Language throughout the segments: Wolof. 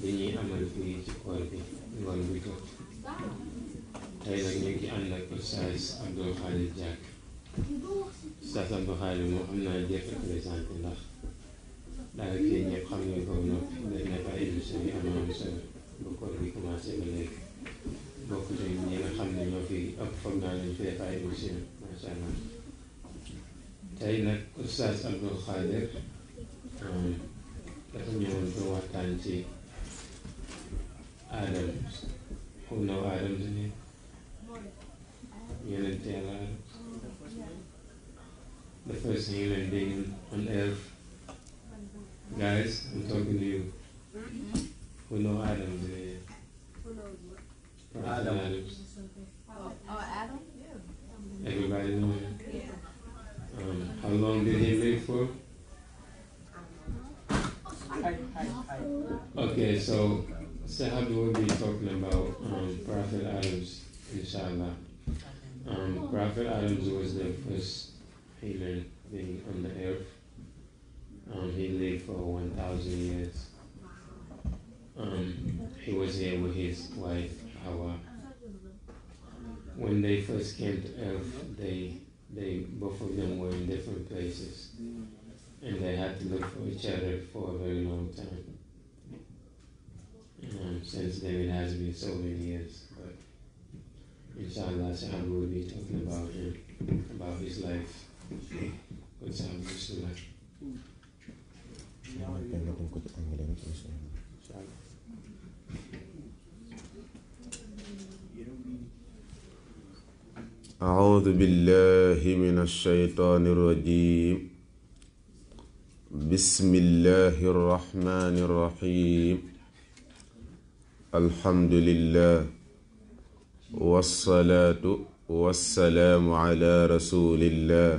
bi ñuy amal fii ci koor bi ngoon bi toog tey nag ñu ngi ànd ak Oustaz Abdou Khadre Diack Oustaz Abdou Khadre moo xam naa jëf présenté ndax am am solo bu koor bi commencé ba nañ ñi nga xam ne ñoo fi ëpp foog naa leen fi def ay émission nag Oustaz Abdou Khadre euh, dafa ñëwoon pour waxtaan ci Adams, Who oh, know items in here? Unit and items. The first human being on earth. Guys, I'm talking to you. Who know Adams? in here? Person Adam. Items. Oh, Adam? Everybody know him? Um, how long did he live for? Okay, so Sahab will be talking about um, Prophet Adams, inshallah. Um, Prophet Adams was the first human being on the earth. Um, he lived for 1,000 years. Um, he was here with his wife, Hawa. When they first came to earth, they, they both of them were in different places. And they had to look for each other for a very long time. Since since David has been so many years. But time we will be talking about him, about his life. Good Sahab, Bismillah. أعوذ بالله من الشيطان الرجيم بسم الله الرحمن الرحيم الحمد لله والصلاة والسلام على رسول الله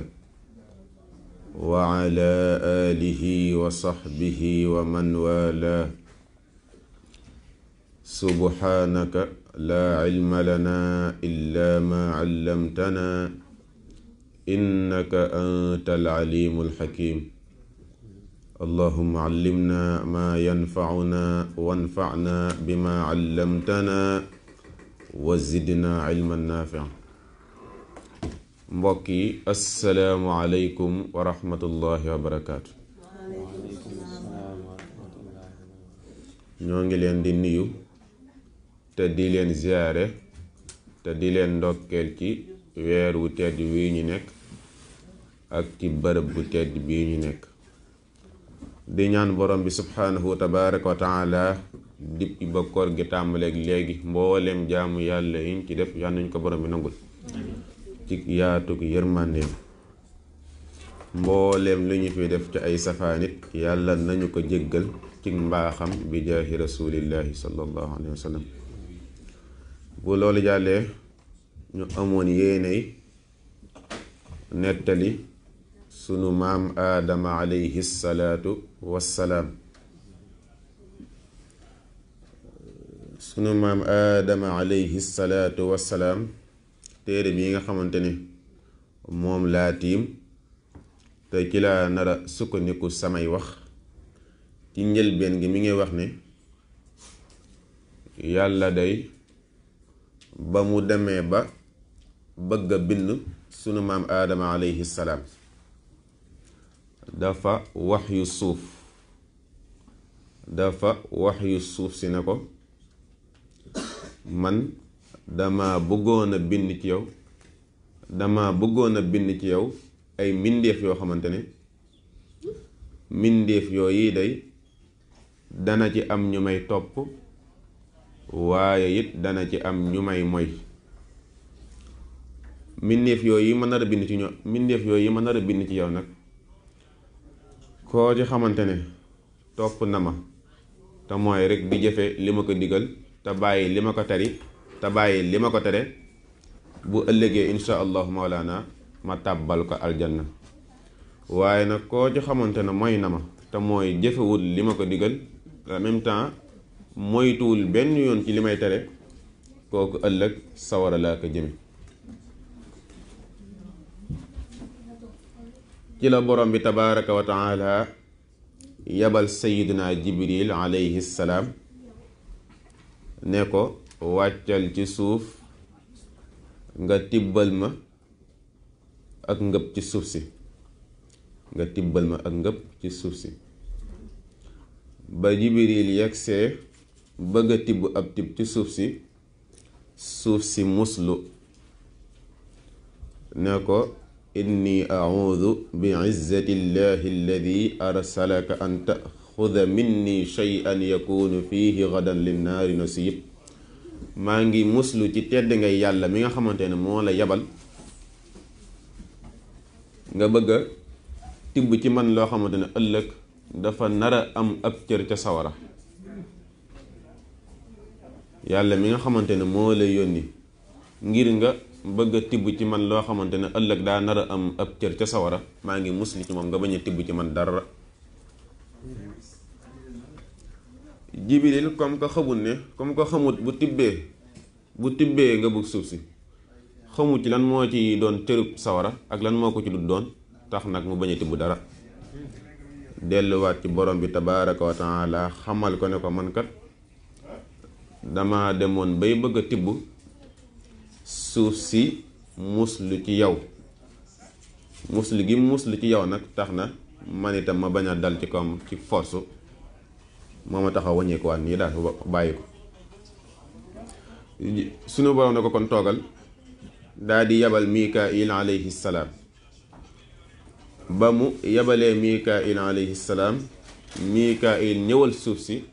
وعلى آله وصحبه ومن والاه سبحانك لا علم لنا إلا ما علمتنا إنك أنت العليم الحكيم اللهم علمنا ما ينفعنا وانفعنا بما علمتنا وزدنا علما نافعا mbokk yi asalaamualeykum wa rahmatullahi wa barakaatu ñoo ngi leen di nuyu te di leen ziyaare te di leen ndokkeel ci weer wu tedd wi ñu nekk ak ci bërëb bu tedd bii ñu nekk di ñaan borom bi subhaanahu wa tabaraka wa ba koor gi tàmbaleeg léegi mbooleem jaamu yàlla yiñ ci def yal nañ ko borom bi nangul ci yaatug yërmandeem mbooleem li ñu fi def ci ay safaanit yàlla nañu ko jéggal ci mbaaxam bi jaahi rasulillahi sallallahu alayhi wa bu loolu jàllee ñu amoon yéeney nettali sunu maam aadama alayhi salaatu wassalaam sunu maam aadama alayhi salaatu wassalaam téere bi nga xamante ne moom laa tiim te ci laa nara sukkandiku samay wax ci njëlbeen gi mi ngi wax ne yàlla day ba mu demee ba bëgg a bind sunu maam aadama alayhi salaam dafa wax yu suuf dafa wax yu suuf si ne ko man dama bëggoon bind ci yow dama bëggoon a bind ci yow ay mbindeef yoo xamante ne mbindeef yoo yi day dana ci am ñu may topp waaye it dana ci am ñu may moy mbindeef yooyu yi ma nar a bind ci ñoo mbindeef yoo yi ma nar a bind ci yow nag koo ci xamante ne topp na ma te mooy rek bi jëfe li ma ko digal te bàyyi li ma ko tari te bàyyi li ma ko tere bu ëllëgee insha allahu maulana ma tàbbal ko aljanna waaye nag koo ci xamante ne mooy na ma te mooy jëfewul li ma ko digal en même temps moytuwul benn yoon ci li may tere kooku ëllëg sawara ko jëme ci la borom bi tabaraka wa taala yabal sayyidina jibril alayhi salaam ne ko wàccal ci suuf nga tibbal ma ak ngëb ci suuf si nga tibbal ma ak ngëb ci suuf si ba jibril yegsee bëgg a tibb ab tib ci suuf si suuf si muslu ne ko إني أعوذ بعزة الله الذي أرسلك أن تأخذ مني شيئا يكون فيه غدا للنار نصيب ماغي مسلو تي تيد غاي يالا ميغا خامتاني مولا يابال nga bëgg tibb ci man loo xamante ne dafa nar am ab cër ca sawara yàlla mi nga xamante ne lay yónni ngir nga bëgga a tibb ci man loo xamante ne ëllëg daa nar a am ab cër ca sawara maa ngi musli ci moom nga bañ a tibb ci man dara jibril comme ko xamut ne comme ko xamut bu tibbee bu tibbee nga bëgg suuf si xamut ci lan moo ci doon cërub sawara ak lan moo ko ci du doon tax nag mu bañ a tibb dara delluwaat ci borom bi tabaaraka wa taala xamal ko ne ko mankat dama demoon bay bëgg tibb suuf si muslu ci yow muslu gi muslu ci yow nag tax na man itam ma bañ a dal ci kawam ci force moo ma taxaw wàññeekuwaat nii daal bàyyi ko sunu borom na ko kon toogal daa di yabal mikail alayhi salaam ba mu yabalee mikail alayhi salaam mikail ñëwal suuf si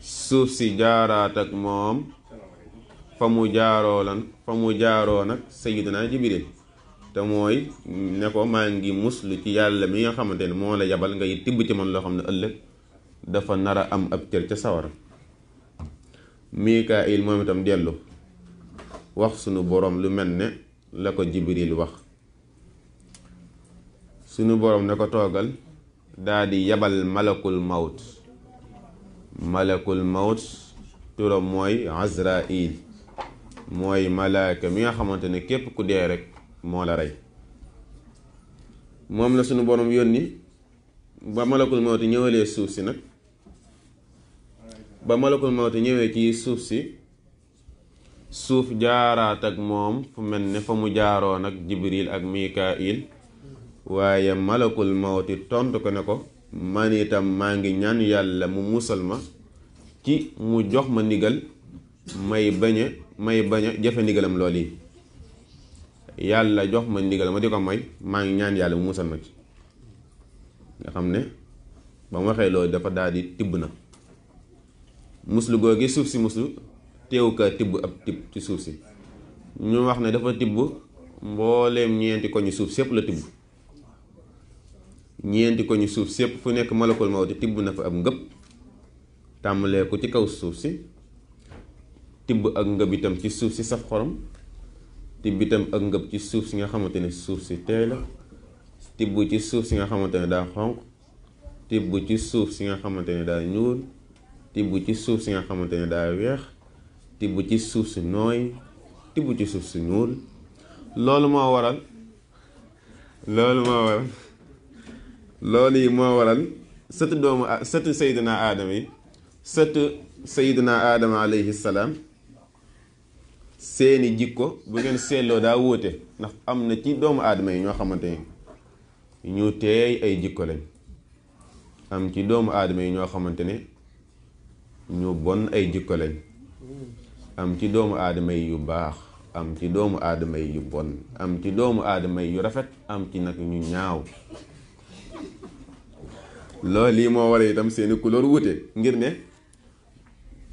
suuf si jaaraat ak moom fa mu jaaroo lan fa mu jaaroo nag sayiduna jibril te mooy ne ko maa ngi muslu ci yàlla mi nga xamante ne moo la yabal ngay tibb ci man loo xam ne ëllëg dafa nar a am ab cër ca sawara mikaayil moom itam dellu wax sunu boroom lu mel ne la ko jibril wax sunu boroom ne ko toogal daa di yabal malakul mawt malakul mawt turam mooy azrail mooy malaaka mi nga xamante ne képp ku dee rek moo la rey moom la sunu borom yónni ba malakul mawti ñëwalee suuf si nag ba malakul mawti ñëwee suuf si suuf jaaraat ak moom fu mel ni fa mu jaaroon ak jibril ak mikail waaye malakul mawti tontu ko ne ko man itam maa ngi ñaan yàlla mu musal ma ki mu jox ma ndigal may bañ may bañ a jafe ndigalam lool yi yàlla jox ma ndigal ma di ko may maa ngi ñaan yàlla mu musal ma ci nga xam ne ba mu waxee lool dafa daal tibb na muslu googi suuf si musul teew tibb ab tibb ci suuf si ñu wax ne dafa tibb mbooleem ñeenti koñu suuf sépp la tibb ñeenti ñu suuf sépp fu nekk malakul mawti tibb na fa ab ngëpp tàmbalee ko ci kaw suuf si tibb ak ngëb itam ci suuf si saf xorom tibb itam ak ngëb ci suuf si nga xamante ne suuf si teey la tibb ci suuf si nga xamante ne daa xonq tibb ci suuf si nga xamante ne daa ñuul tibb ci suuf si nga xamante ne daa weex tibb ci suuf si nooy tibb ci suuf si ñuul loolu moo waral loolu moo waral loolu yi moo waral sëtu doomu sët Seydina Adama yi sëtu Seydina Adama alayhi seeni jikko bu ngeen seetloo daa wóote ndax am na ci doomu aadama yi ñoo xamante ni ñu teey ay jikko lañ am ci doomu aadama yi ñoo xamante ne ñu bon ay jikko lañ am ci doomu aadama yi yu baax am ci doomu aadama yi yu bon am ci doomu aadama yi yu rafet am ci nag ñu ñaaw lool lii moo waral itam seeni couleur wute ngir ne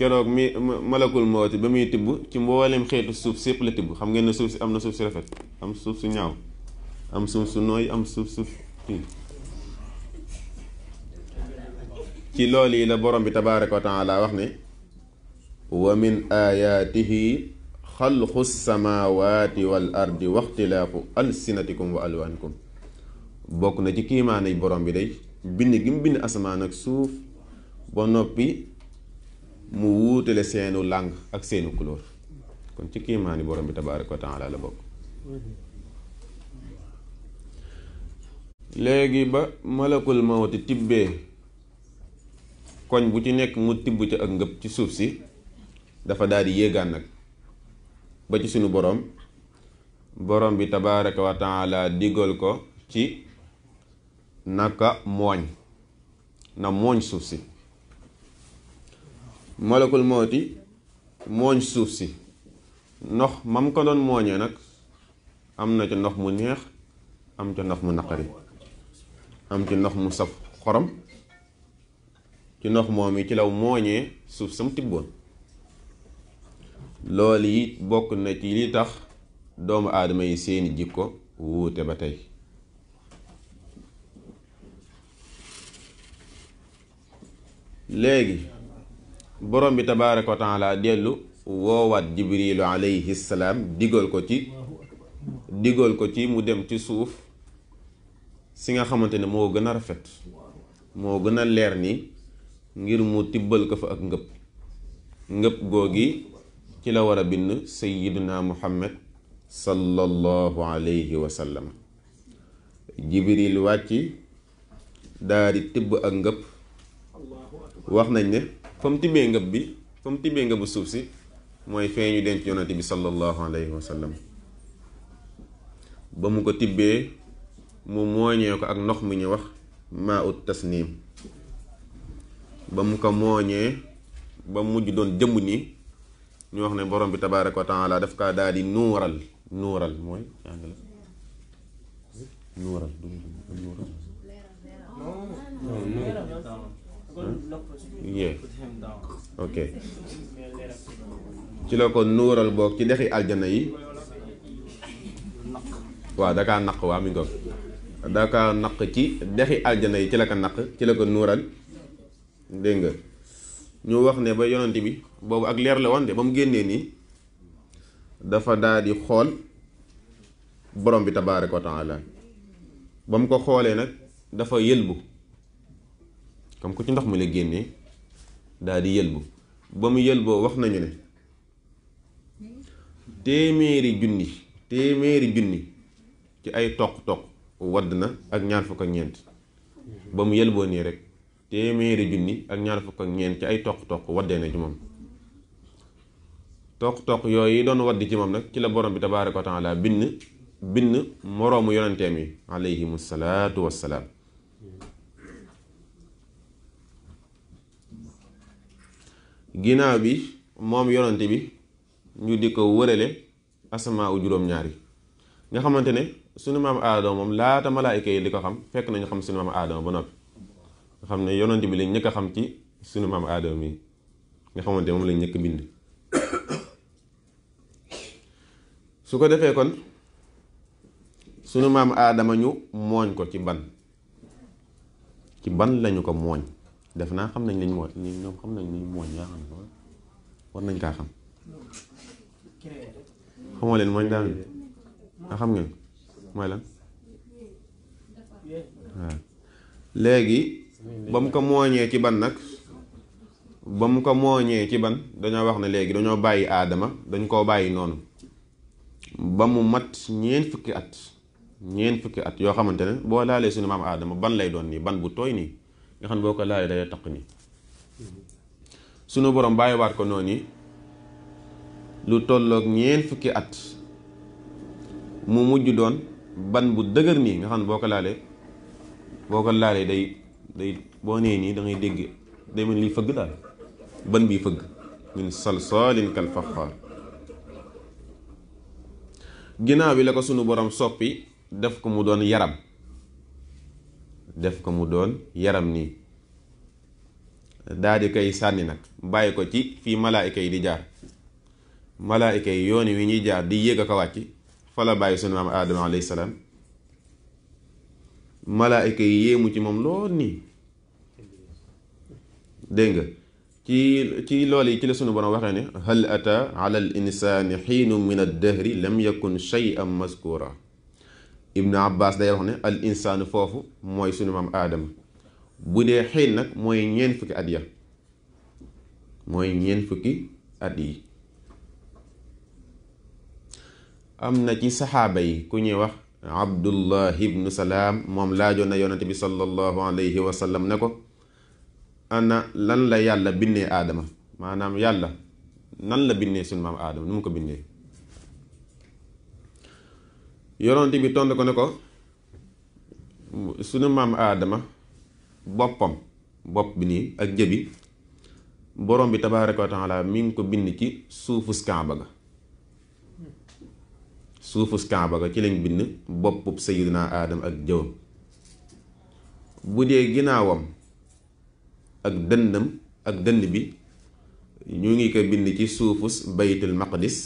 keroog mi malakul mawti ba muy tibb ci mboolem xeetu suuf sépp la tibb xam ngeen ne suuf si am na suuf si rafet am suuf su ñaaw am suuf su nooy am suuf su ci loolu la borom bi tabaaraka wa taala wax ne wa min ayaatihi xalqu samaawaati wal ardi waxtilaafu alsinatikum wa alwaanikum bokk na ci kiimaanay borom bi day bind gi mu bind asamaan ak suuf ba noppi mu wuutale seenu langue ak seenu couleur kon ci kiimaani borom bi tabaaraka wa taala la bokk léegi ba malakul mawti tibbee koñ bu ci nekk mu tibb ci ak ngëb ci suuf si dafa daal di nag ba ci sunu borom borom bi tabaaraka wa taala digal ko ci naka mooñ na mooñ suuf si molécule mawti mooñ suuf si ndox mam ko doon mooñee nag am na ca ndox mu neex am ci ndox mu naqari am ci ndox mu saf xorom ci ndox moom yi ci law mooñee suuf sam tibboon loolu yi bokk na ci li tax doomu aadama yi seeni jikko wuute ba tey léegi borom bi tabaraka wa taala dellu woowaat jibrilu alayhi salaam digal ko ci digal ko ci mu dem ci suuf si nga xamante ne moo gën a rafet moo gën a leer ni ngir mu tibbal ko fa ak ngëpp ngëpp googi ci la war a bind sayyiduna muhammad sallallahu alayhi wa sallam jibril wàcc daari tibb ak ngëpp wax nañ ne Fam mu bi fam mu tibbee suuf si mooy fee ñu denc yonante bi sallallahu alayhi wa sallam ba mu ko tibbee mu mooñee ko ak ndox mi ñu wax maa ut tasniim ba mu ko mooñee ba mujj doon jëmm ni ñu wax ne borom bi tabaaraka wa taala daf kaa daal di nuural nuural nuural Hmm? yee ok ci la ko nural boog ci dexi aljana yi wa da kaa naq waa mi ngoog da kaa naq ci dexi aljana yi ci la ko ci la ko nural dégg nga ñu wax ne ba yonante bi boobu ak leer la woon de ba dafa daa di xool borom bi tabaraka wa taala ba mu ko xoolee nag dafa yelbu. comme ku ci ndox mi la génnee daal di yëlbu ba mu yëlboo wax nañu ne téeméeri junni téeméeri junni ci ay toq-toq wadd na ak ñaar fukk ak ñeent ba mu yëlboo nii rek téeméeri junni ak ñaar fukk ak ñeent ci ay toq-toq waddee na ci moom toq-toq yooyu doon wadd ci moom nag ci la borom bi tabaaraka wa taala bind bind moroomu yonenteem yi alayhimu salaatu wassalaam ginnaaw bi moom yonante bi ñu di ko wërale asamaa u juróom-ñaar nga xamante ne sunu maam aadama moom laata malaayka yi li ko xam fekk nañu xam sunu maam aadama ba noppi nga xam ne yonante bi lañ ñëkk a xam ci sunu maam aadama mi nga xamante moom lañ ñëkk bind su ko defee kon sunu maam aadama ñu mooñ ko ci ban ci ban lañu ko mooñ def naa xam nañ lañ mooy ñoom xam nañ lañ mooñ yaa xam ne war nañ kaa xam xamoo leen mooñ daal nga ah, xam ngeen mooy lan léegi ba mu ko mooñee ci ban nag ba mu ko mooñee ci ban dañoo wax ne léegi dañoo bàyyi aadama dañ koo bàyyi noonu ba mu mat ñeent fukki at ñeent fukki at yoo xamante ne boo laalee suñu maam aadama ban lay doon nii ban bu tooy nii nga xam ne boo ko laajee day taq ni sunu borom bàyyiwaat ko noonu lu tolloog ñeent fukki at mu mujj doon ban bu dëgër nii nga xam ne boo ko laalee boo ko laalee day day boo nee nii da ngay dégg day mel ni fëgg daal ban bi fëgg min salsalin kal faxaar ginnaaw bi la ko sunu borom soppi def ko mu doon yaram def ko mu doon yaram nii daa di koy sànni nag bàyyi ko ci fii malaayika yi di jaar malaayika yi yoon wi ñuy jaar di yéeg ko wàcc fa la bàyyi sunu maam aadama alayhi salaam malaayika yi yéemu ci moom lool nii dégg nga ci ci loolu yi ci la sunu borom waxee ne hal ata ala al insaani xiinu min ad dahri lam yakun shay'an maskura ابن عباس داير هنا الانسان فوفو موي سونو مام ادم بودي حين نك موي نين فكي اديا موي نين فكي ادي امنا تي صحابه كوني واخ عبد الله ابن سلام موم لاجو نا يونت صلى الله عليه وسلم نكو انا لن لا يالا بني ادم مانام يالا نان لا بني سونو مام ادم نمكو بني yonent bi tond ko ne ko sunu maam aadama boppam bopp bi nii ak jëbi borom bi tabaaraka wa taala mi ngi ko bind ci suufus kaaba ga suufus kaaba ga ci lañ bind boppub sayidina aadama ak jëwam bu dee ginnaawam ak dëndam ak dënd bi ñu ngi ko bind ci suufus baytul maqdis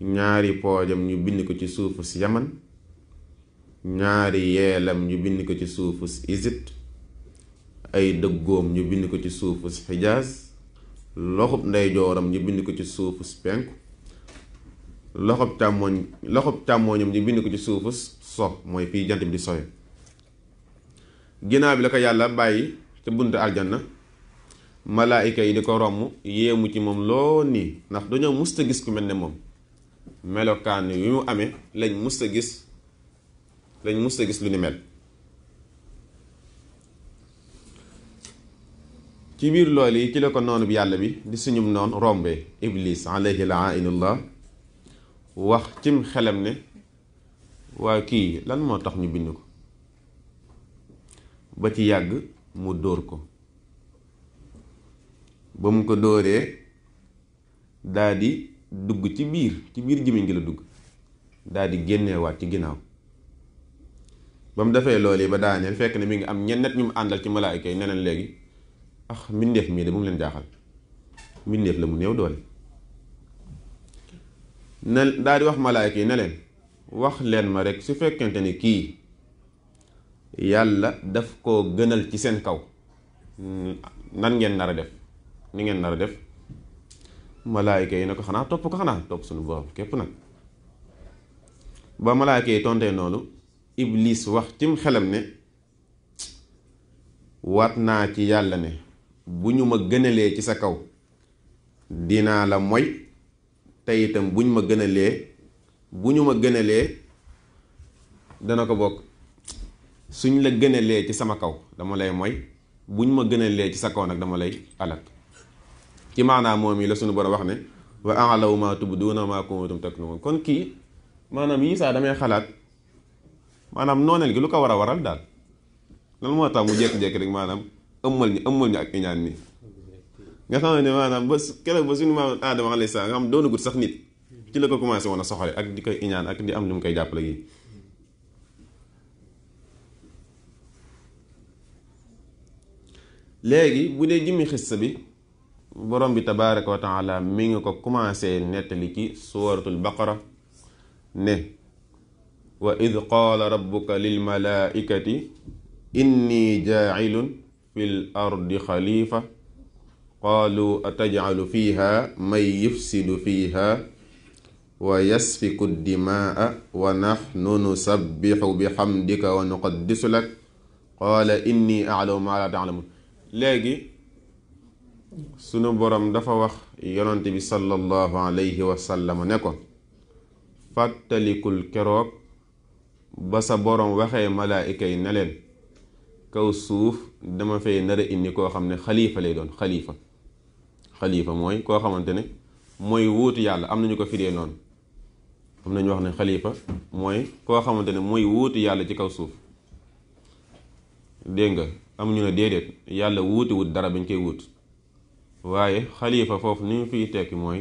ñaari poojam ñu bind ko ci suufu si yaman ñaari yeelam ñu bind ko ci suufu si Égypte ay dëggoom ñu bind ko ci suufu si xijaas loxob ndeyjooram ñu bind ko ci suufu si penku loxob càmmooñ loxob càmmooñam ñu bind ko ci suufu so mooy fii jant bi di sowe ginnaaw bi la ko yàlla bàyyi ca bunt aljanna malaayika yi di ko romb yéemu ci moom loo nii ndax dañoo musta gis ku mel ni moom melokaan yu mu amee lañ musta gis lañ musta gis lu ni mel ci biir lool yi ci la ko noonu yàlla bi di suñum noon rombee iblis alayhi la'inullah wax cim xelam ne waa kii lan moo tax ñu bind ko ba ci yàgg mu dóor ko ba mu ko dóoree daa dugg ci biir ci biir gémmiñ gi la dugg daal di génneewaat ci ginnaaw ba mu defee loolu yi ba daaneel fekk ne mi ngi am ñennet ñu mu àndal ci malaayika yi neneen léegi ah mbindeef mii de bu mu leen jaaxal mbindeef la mu néew doole ne daal di wax malaayika yi ne leen wax leen ma rek su fekkente ni kii yàlla daf koo gënal ci seen kaw nan ngeen nar a def ni ngeen nar a def malaayka yi ne ko xanaa topp ko xanaa topp suñu borom képp nag ba malaayka yi tontee noonu iblis wax cim xelam ne wat naa ci yàlla ne bu ñu ma gënalee ci sa kaw dinaa la moy te itam bu ma gënalee bu ñu ma gënalee dana ko bokk suñ la gënalee ci sama kaw dama lay moy bu ñu ma gënalee ci sa kaw nag dama lay alal ci maanaam moom yi la suñu borom wax ne wa a'lamu ma tubduuna ma kuntum taktumun kon kii maanaam yi saa damay xalaat maanaam nooneel gi lu ko war a waral daal lan moo tax mu jékki-jékki rek maanaam ëmmal ñi ëmmal ñi ak iñaan ni nga xam ne maanaam ba keroog ba suñu maam Aadama alayhi salaam nga xam doonu gut sax nit ci la ko commencé woon a soxale ak di koy iñaan ak di am lu mu koy jàppale yi léegi bu dee jëmmi xissa bi borom bi tabaraka wa taala mi ngi ko commencé nettali ci suratul baqara ne wa id qaala rabbuka lil malaikati inni jaacilun fi l ardi xalifa qaalu atajcalu fiha man yufsidu fiha wa yasfiku dimaa wa naxnu nusabixu bixamdika wa nuqaddisu lak qaala inni aclamu ma la taclamun léegi sunu borom dafa wax yonent bi sallallahu alayhi wa sallam ne ko fàttalikul keroog ba sa borom waxee malaayika yi ne leen kaw suuf dama fay nar a indi koo xam ne xalifa lay doon xalifa xalifa mooy koo xamante ne mooy wuutu yàlla am nañu ko firee noonu am nañu wax ne xalifa mooy koo xamante ne mooy wuutu yàlla ci kaw suuf dégg nga am ñu ne déedéet yàlla wuuti wut dara bañ koy wut waaye xalifa foofu ni mu fiy tekki mooy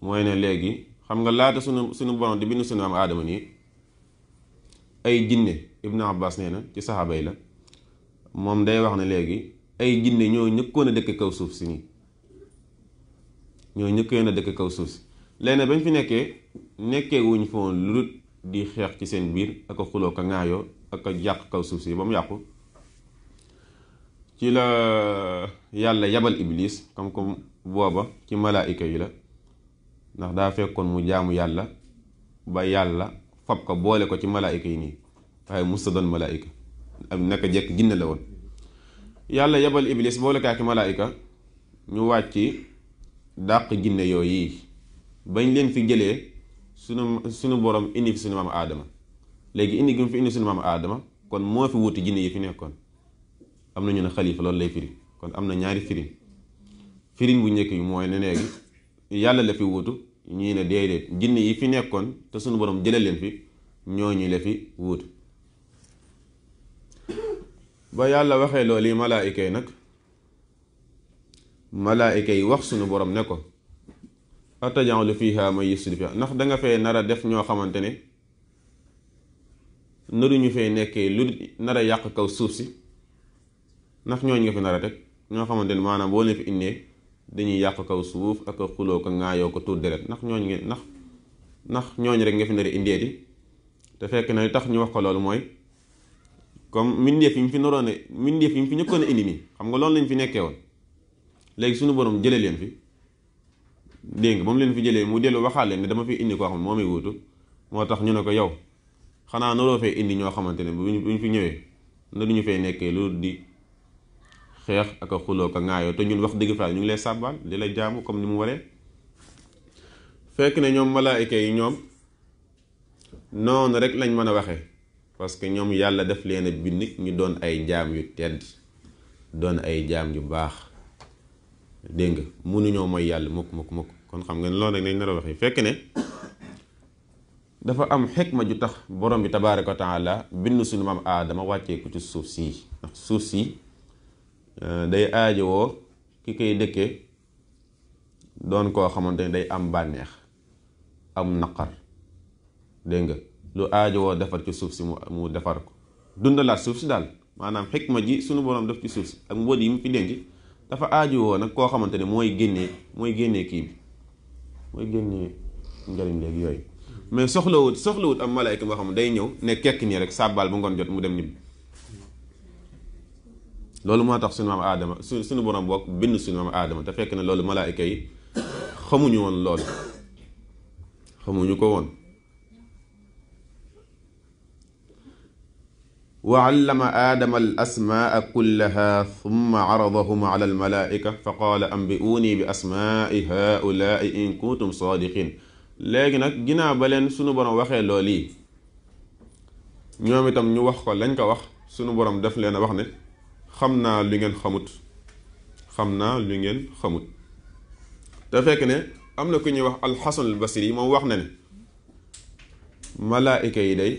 mooy ne léegi xam nga laata sunu sunu borom di bind sunu am aadama nii ay jinne ibnu abbas nee na ci saxaaba la moom day wax ne léegi ay jinne ñoo ñëkkoon a dëkk kaw suuf si nii ñoo ñëkkoon a dëkk kaw suuf si léegi bañ fi nekkee nekkee wuñ foon lu dul di xeex ci seen biir ak a xuloo ka ŋaayoo ak a yàq kaw suuf si ba mu yàqu ci la yàlla yabal iblis comme comme booba ci malaika yi la ndax daa fekkoon mu jaamu yàlla ba yàlla fab ko boole ko ci malaika yi nii waaye musta doon malaayika am naka jekk jinne la woon yàlla yabal iblis boole kaa ci malaika ñu wàcc dàq jinne yooyu bañ leen fi jëlee sunu sunu borom indi fi sunu maam aadama léegi indi gi mu fi indi sunu maam aadama kon moo fi wuti jinne yi fi nekkoon am na ñu ne xalifa loolu lay firi kon am na ñaari firin firiñ bu njëkk yi mooy ne léegi yàlla la fi wuutu ñii ne déedéet jinn yi fi nekkoon te suñu borom jëlee leen fi ñooñu la fi wuutu ba yàlla waxee loolu yi malaayika yi nag malaayika yi wax sunu borom ne ko atajalu fiha man yufsidu fiha ndax danga fee nar a def ñoo xamante ne naruñu fee nekkee lu nar a yàq kaw suuf si ndax ñooñ nga fi nar a teg ñoo xamante ni maanaam boo leen fi indee dañuy yàq kaw suuf ak xuloo ko ŋaayoo ko tuur deret ndax ñooñ ngeen ndax ndax ñooñ rek nga fi nar a indee di te fekk na li tax ñu wax ko loolu mooy comme mbindeef yi mu fi naroon a mbindeef yi mu fi ñëkkoon a indi nii xam nga loolu lañ fi nekkee woon léegi suñu borom jëlee leen fi dégg nga moom leen fi jëlee mu dellu waxaat leen ne dama fi indi koo xam ne moomay wuutu moo tax ñu ne ko yow xanaa naroo fee indi ñoo xamante ne bu ñu fi ñëwee na duñu fay nekkee lu di xeex ak a xuloo ka ŋaayoo te ñun wax dëgg fa ñu ngi lay sàbbaal di la jaamu comme ni mu waree fekk ne ñoom malaayika yi ñoom noonu rek lañ mën a waxee parce que ñoom yàlla def leen bind ñu doon ay jaam yu tedd doon ay jaam yu baax dégg nga mënuñoo mooy yàlla mukk mukk mukk kon xam nga ne loolu rek nañ nar a waxee fekk ne dafa am ma ju tax borom bi ko wa la bind suñu maam aadama wàccee ko ci suuf sii suuf sii Euh, day aajo woo ki kay dëkke doon koo xamante ni day am bànneex am naqar dégg nga lu woo defar ci suuf si mu mu defar ko dundalaat suuf si daal maanaam ma ji sunu borom def ci suuf si ak mbóot yi mu fi dénk dafa woo nag koo xamante ne mooy génnee mooy génnee kii bi mooy génnee njariñ léegi yooyu mais soxlawut soxlawut am malaayka boo xam ne day ñëw ne kekk nii rek sàbbaal bu ngoon jot mu dem ñibbi loolu moo tax suñu maam aadama su suñu borom bokk bind suñu maam aadama te fekk na loolu malaayika yi xamuñu woon loolu xamuñu ko woon وعلم آدم الأسماء كلها ثم عرضهم على الملائكة فقال أنبئوني بأسماء هؤلاء إن كنتم صادقين léegi nag ginnaaw ba leen sunu borom waxee lool yi ñoom itam ñu wax ko lañ ko wax sunu borom def leen a wax ne xam naa lu ngeen xamut xam naa lu ngeen xamut te fekk ne am na ku ñuy wax alxasan al basri moom wax na ne malaayika yi day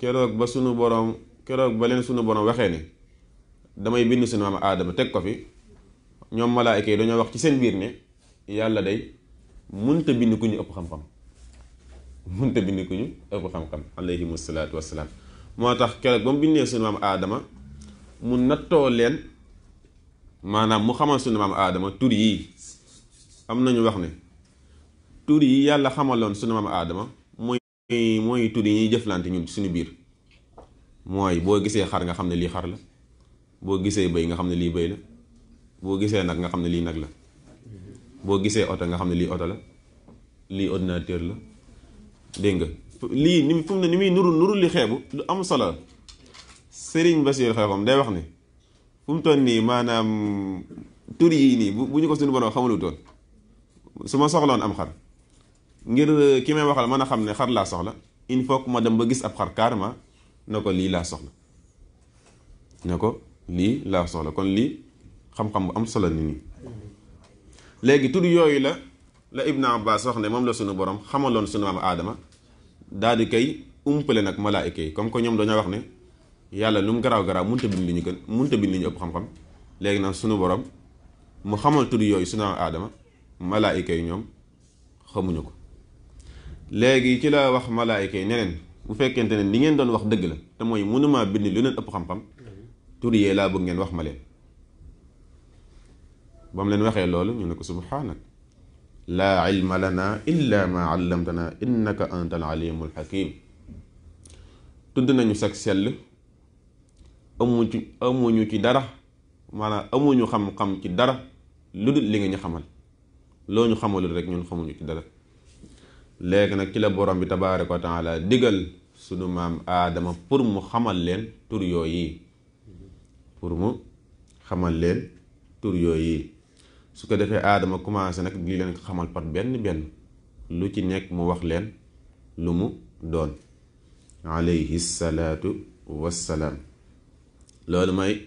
keroog ba sunu boroom keroog ba leen sunu boroom waxee ne damay bind sunu maam aadama teg ko fi ñoom malaayika yi dañoo wax ci seen biir ne yàlla day munta bind ku ñu ëpp xam-xam munta bind ku ñu ëpp xam-xam alayhimu salaatu wassalaam moo tax keroog ba mu bindee sunu maam aadama mu nattoo leen maanaam mu xamal sunu maam aadama tur yii am nañu wax ne tur yii yàlla xamaloon sunu maam aadama mooy mooy tur yi ñuy jëflante ñun suñu biir mooy boo gisee xar nga xam ne lii xar la boo gisee bëy nga xam ne lii bëy la boo gisee nag nga xam ne lii nag la boo gisee oto nga xam ne lii oto la lii ordinateur la dégg nga lii ni fu mu ne ni muy nuru nuru li xeebu lu am solo Serigne Bassirou Khelcom day wax ni fu mu nii maanaam tur yii nii bu ñu ko suñu borom xamalu toon su ma ki may waxal mën a xam ne xar laa soxla il faut que ma dem ba gis ab xar carrément na ko lii laa soxla na ko lii laa soxla kon lii xam bu am solo ni léegi tur yooyu la la Ibn baa wax ne moom la suñu borom xamaloon sunu maam Aadama daal di koy umpale nag malaayika yi comme que ñoom dañoo wax ne yàlla lu mu garaaw garaaw mënut a bind li ñu gën mënut a bind li ñu ëpp xam-xam léegi nag sunu borom mu xamal tur yooyu sunu aadama malaayika yi ñoom xamuñu ko léegi ci la wax malaayika yi neneen bu fekkente ne li ngeen doon wax dëgg la te mooy mënuma bind lu leen ëpp xam-xam tur yee laa bëgg ngeen wax ma leen ba mu leen waxee loolu ñu ne ko subhaanak laa ilma lana illa ma allamtana innaka anta al alimul hakim tudd nañu sag sell amuñu ci amuñu ci dara maanaam amuñu xam-xam ci dara lu dul li nga ñu xamal loo ñu xamalul rek ñun xamuñu ci dara léegi nag ci la borom bi tabaaraka wa taala digal sunu maam aadama pour mu xamal leen tur yooyu pour mu xamal leen tur yooyu su ko defee aadama commencé nag di leen ko xamal par benn benn lu ci nekk mu wax leen lu mu doon alayhi salaatu wassalaam لولمي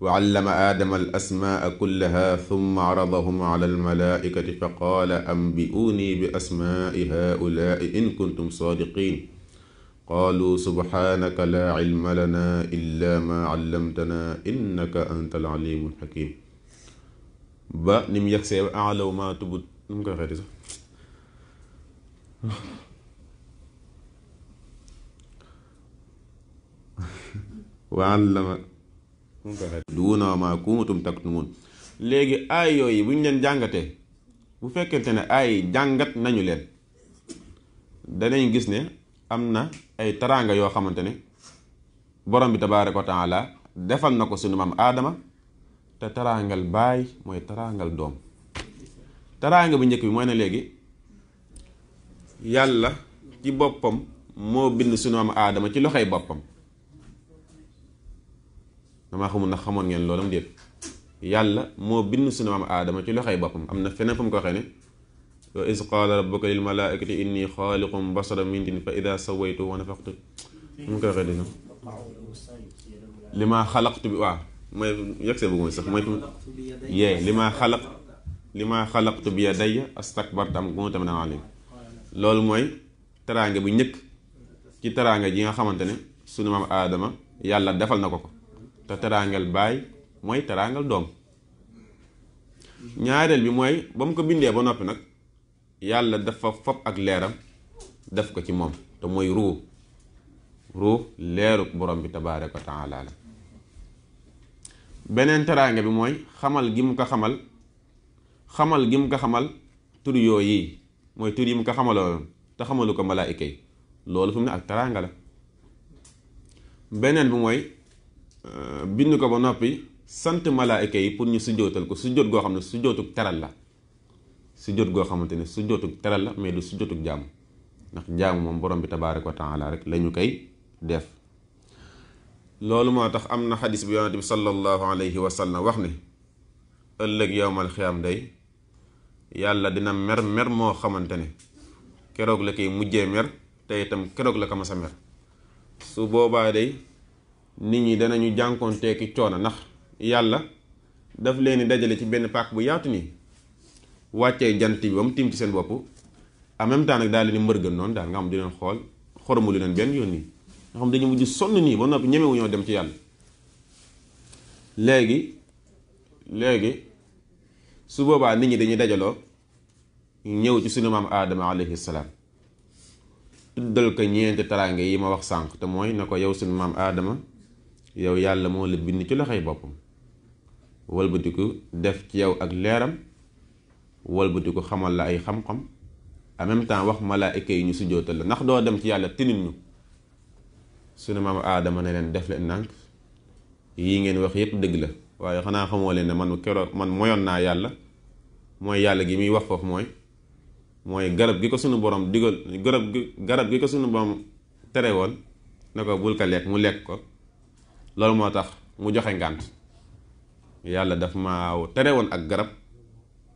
وعلم آدم الأسماء كلها ثم عرضهم على الملائكة فقال أنبئوني بأسماء هؤلاء إن كنتم صادقين قالوا سبحانك لا علم لنا إلا ما علمتنا إنك أنت العليم الحكيم با نم يكسب أعلى وما تبت نم Yeah. waa allama duuna wa maa léegi aay yooyu bu ñu leen jàngatee bu fekkente ne aay jàngat nañu leen danañ gis ne am na ay taraanga yoo xamante ne borom bi tabaaraka wa taala defal na ko sunu maam aadama te taraangal baay mooy taraangal doom taraanga bu njëkk bi mooy ne léegi yàlla ci boppam moo bind sunu maam aadama ci loxoy boppam ما خمون خمون ين لولم ديت يلا مو بين سنة مع آدم أتقول خي بابم أم نفنا فم كخيني وإذ قال ربك للملائكة إني خالق بشر من دين فإذا سويت ونفخت مم كخيني لما خلقت بوا ما يكسب بقول سخ ما يفهم يه لما خلق لما خلقت بيدي استكبرت أم قوم تمنع عليه لول موي ترى عنك بينك كي ترى عنك جينا خمن تني سنة مع آدم يلا دفعنا كوكو te teraangal baay mooy teraangal doom ñaareel bi mooy ba mu ko bindee ba noppi nag yàlla dafa fab ak leeram def ko ci moom te mooy ruu ruu leeru borom bi tabaaraka ko taala beneen teraanga bi mooy xamal gi mu ko xamal xamal gi mu ko xamal tur yooyu mooy tur yi mu ko xamaloon te xamalu ko malaayika yi loolu fi ne ak teraanga beneen bi mooy Euh, bind ko ba noppi sant malaayka yi pour ñu sujjootal ko sujjoot goo xam ne sujjootug teral la sujjoot goo xamante ne sujjootug teral la mais du sujjootug jaamu ndax jaamu moom borom bi tabaaraka wa taala rek la ñu koy def loolu moo tax am na xadis bi yonente bi sallallahu alayhi wa sallam wax ni ëllëg yowmal xiyaam day yàlla dina mer mer moo xamante ne keroog la koy mujjee mer te itam keroog la ko ma a mer su boobaa day nit ñi danañu jànkoonteeki coono ndax yàlla daf leen di dajale ci benn paak bu yaatu nii wàccee jant bi ba mu tiim ci seen bopp en même temps nag daal leen mbërgën noonu daal nga xam di leen xool xoromu lu leen benn yoon nii nga xam dañu mujj sonn nii ba noppi ñemewu ñoo dem ci yàlla léegi léegi su boobaa nit ñi dañuy dajaloo ñëw ci sunu maam aadama alayhi salaam tuddal ko ñeenti taraange yi ma wax sànq te mooy na ko yow sunu maam aadama yow yàlla moo la bind ci loxoy boppam walbatiku def ci yow ak leeram walbatiku xamal la ay xam-xam en même temps wax malaayika yi ñu sujjootal la ndax doo dem ci yàlla tinin ñu sunu maam aadama ne leen def leen ndànk yii ngeen wax yépp dëgg la waaye xanaa xamoo leen ne man kero man moyoon naa yàlla mooy yàlla gi muy wax foofu mooy mooy garab gi ko sunu borom digal garab gi garab gi ko sunu borom tere woon na ko bul ka lekk mu lekk ko loolu moo tax mu joxe ngànt yàlla daf ma tere woon ak garab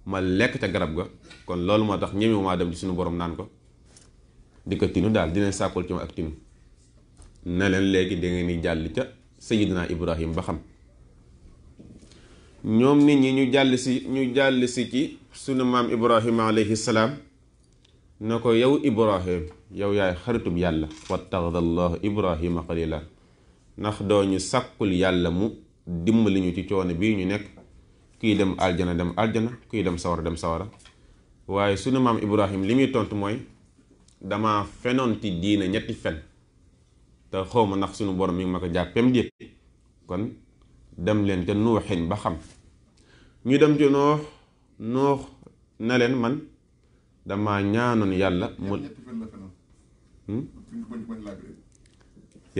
ma lekk ca garab ga kon loolu moo tax ñemewu maa dem ci suñu borom naan ko di ko tinu daal dinañ sàkkul ci ma ak tinu ne leen léegi da ngeen di jàll ca sayidina ibrahim ba xam ñoom nit ñi ñu jàll si ñu jàll si ci sunu maam ibrahima alayhi salaam na ko yow ibrahim yow yaay xaritub yàlla wattaxada allahu ibrahima xalila ndax doo ñu sàkkul yàlla mu dimbali ñu ci coono bi ñu nekk kii dem aljana dem aljana kuy dem sawara dem sawara waaye sunu maam Ibrahim li muy tontu mooy dama fenoon ci diina ñetti fen te xawma ndax sunu borom mi ngi ma ko jàppem déet kon dem leen te nuuxin ba xam ñu dem ci noox noox na leen man dama ñaanoon yàlla mu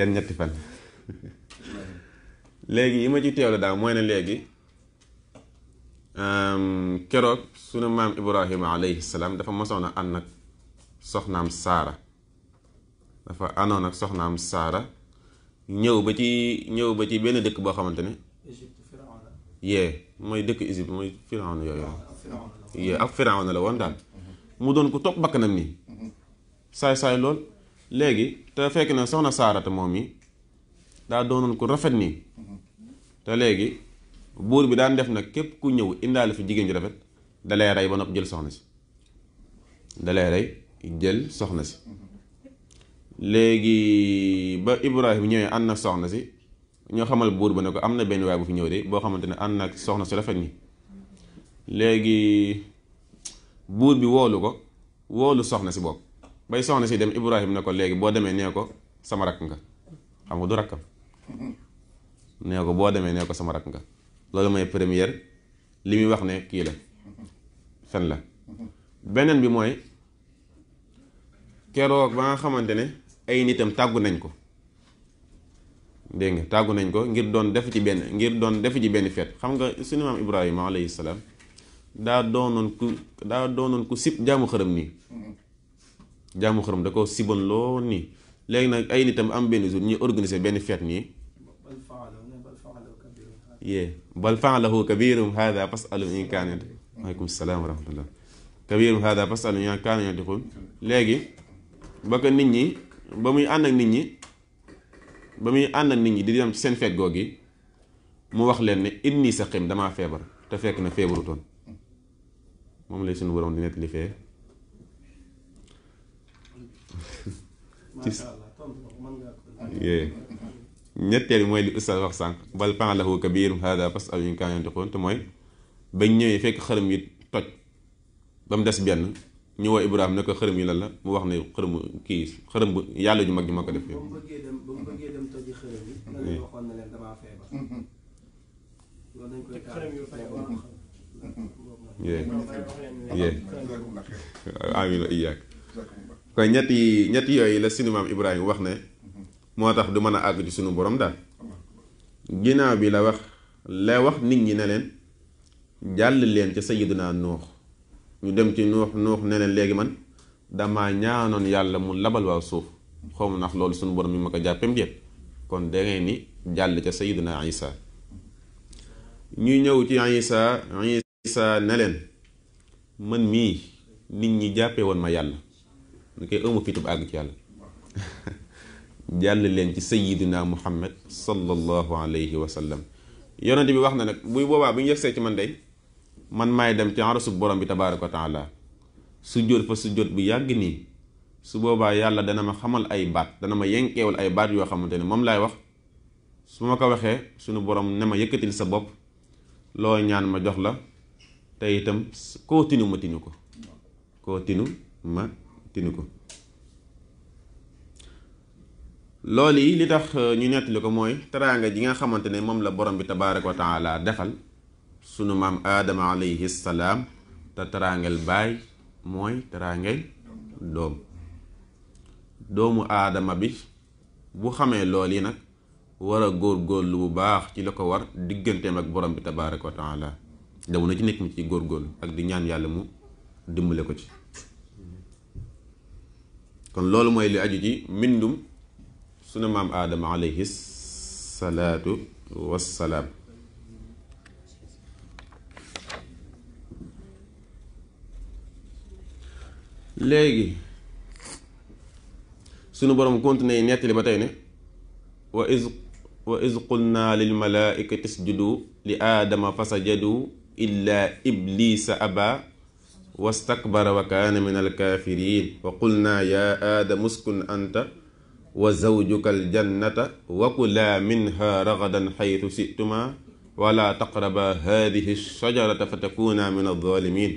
ñetti fen léegi yi ma ci teewlu daal mooy na léegi keroog sunu maam Ibrahima alayhi salaam dafa mosoon a ànd ak soxnaam Saara dafa àndoon ak soxnaam Saara ñëw ba ci ñëw ba ci benn dëkk boo xamante ne. yee mooy dëkk Égypte mooy Firawna yooyu ah, yee ak Firawna la woon daal mhm. mu doon ku topp bakkanam nii mhm. saay saay lool léegi te fekk na soxna Saarata moom yi daa doonoon ko rafet nii te léegi buur bi daan def nag képp ku ñëw indaale fi jigéen ju rafet dalay rey ba noppi jël soxna si dalay rey jël soxna si léegi ba Ibrahima ñëwee ànd na soxna si ñoo xamal buur ba ne ko am na benn waay bu fi ñëw de boo xamante ne ànd nag soxna si rafet nii léegi buur bi woolu ko woolu soxna si bopp bay soxna si dem Ibrahima ne ko léegi boo demee nee ko sama rakk nga xam nga du rakkam nee ko boo demee nee ko sama rak nga loolu mooy première li muy wax ne kii la fen la beneen bi mooy keroog ba nga xamante ne ay nitam tàggu nañ ko dégg nga tàggu nañ ko ngir doon def ci benn ngir doon def ci benn feet xam nga suñu maam Ibrahima alayhi salaam daa doonoon ku daa doonoon ku sib jaamu xërëm nii jaamu xërëm da ko siboon lool nii léegi nag ay nitam am benn jour ñuy organiser benn feet nii يه بل فعله كبير هذا بسأل إن كان يدخل عليكم السلام ورحمة الله كبير هذا بسأل إن كان يدخل لاجي بك نيني بمي أنا نيني بمي أنا نيني دي دام سين فيك غوغي مو واخ لين إني سقيم دما فيبر تا فيك نا فيبر تون موم لي سن وروم دي نيت لي فيه ما شاء الله تون من نغا ñetteel mooy li ustaas wax sànq bal pan fa'alahu kabiiruhum haadaa fas'al in kan yantiquun te mooy bañ ñëwee fekk xërëm yi toj ba mu des benn ñu woo ibrahim ne ko xërëm yi lan la mu wax ne xërëm bu kii xërëm bu yàlla ju mag ji ma ko def yow. ba mu bëggee dem ba la iyaak kon ñetti ñetti yooyu la sunu maam Ibrahima wax ne. moo tax du mën a àgg ci sunu borom daal ginnaaw bi la wax la wax nit ñi ne leen jàll leen ca sayyiduna nuux ñu dem ci nuux nuux ne leen léegi man dama ñaanoon yàlla mu labal waa suuf xaw ma ndax loolu sunu borom mi ma ko jàppeem déet kon da ngay ni jàll ca sayyiduna isa ñuy ñëw ci isa isa ne leen man mii nit ñi jàppee woon ma yàlla ñu koy ëmb fitub àgg ci yàlla jàll leen ci sayidina muhammad sallallahu alayhi wa sallam yonente bi wax na nag buy boobaa bu ñu yegsee ci man day man maay dem ci arsu borom bi tabaraka wa taala sujjóot fa sujjóot bu yàgg nii su boobaa yàlla dana ma xamal ay baat dana ma yenkeewal ay baat yoo xamante ne moom laay wax su ma ko waxee sunu borom ne ma yëkkatil sa bopp loo ñaan ma jox la te itam koo tinu ma tinu ko koo tinu ma tinu ko loolu li tax ñu nettali ko mooy teranga ji nga xamante ne moom la borom bi tabaaraka wa taala defal sunu maam aadama alayhi salaam te teraangeel baay mooy teraangeel doom doomu aadama bi bu xamee lool yi nag war a góorgóorlu bu baax ci la ko war digganteem ak borom bi tabaaraka wa taala daw na ci nekk mu ci góorgóorlu ak di ñaan yàlla mu dimbale ko ci kon loolu mooy li aju ci mindum sunu maam aadama alayhi salaatu wassalaam léegi sunu borom continué nettali ba tey ne wa iz wa iz qulna lil malaikati isjudu li aadama fasajadu illa iblisa aba wastakbara wa kaana min alkaafiriin wa qulna ya aadamu uskun anta وزوجك الجنة وكلا منها رغدا حيث شئتما ولا تقربا هذه الشجرة فتكونا من الظالمين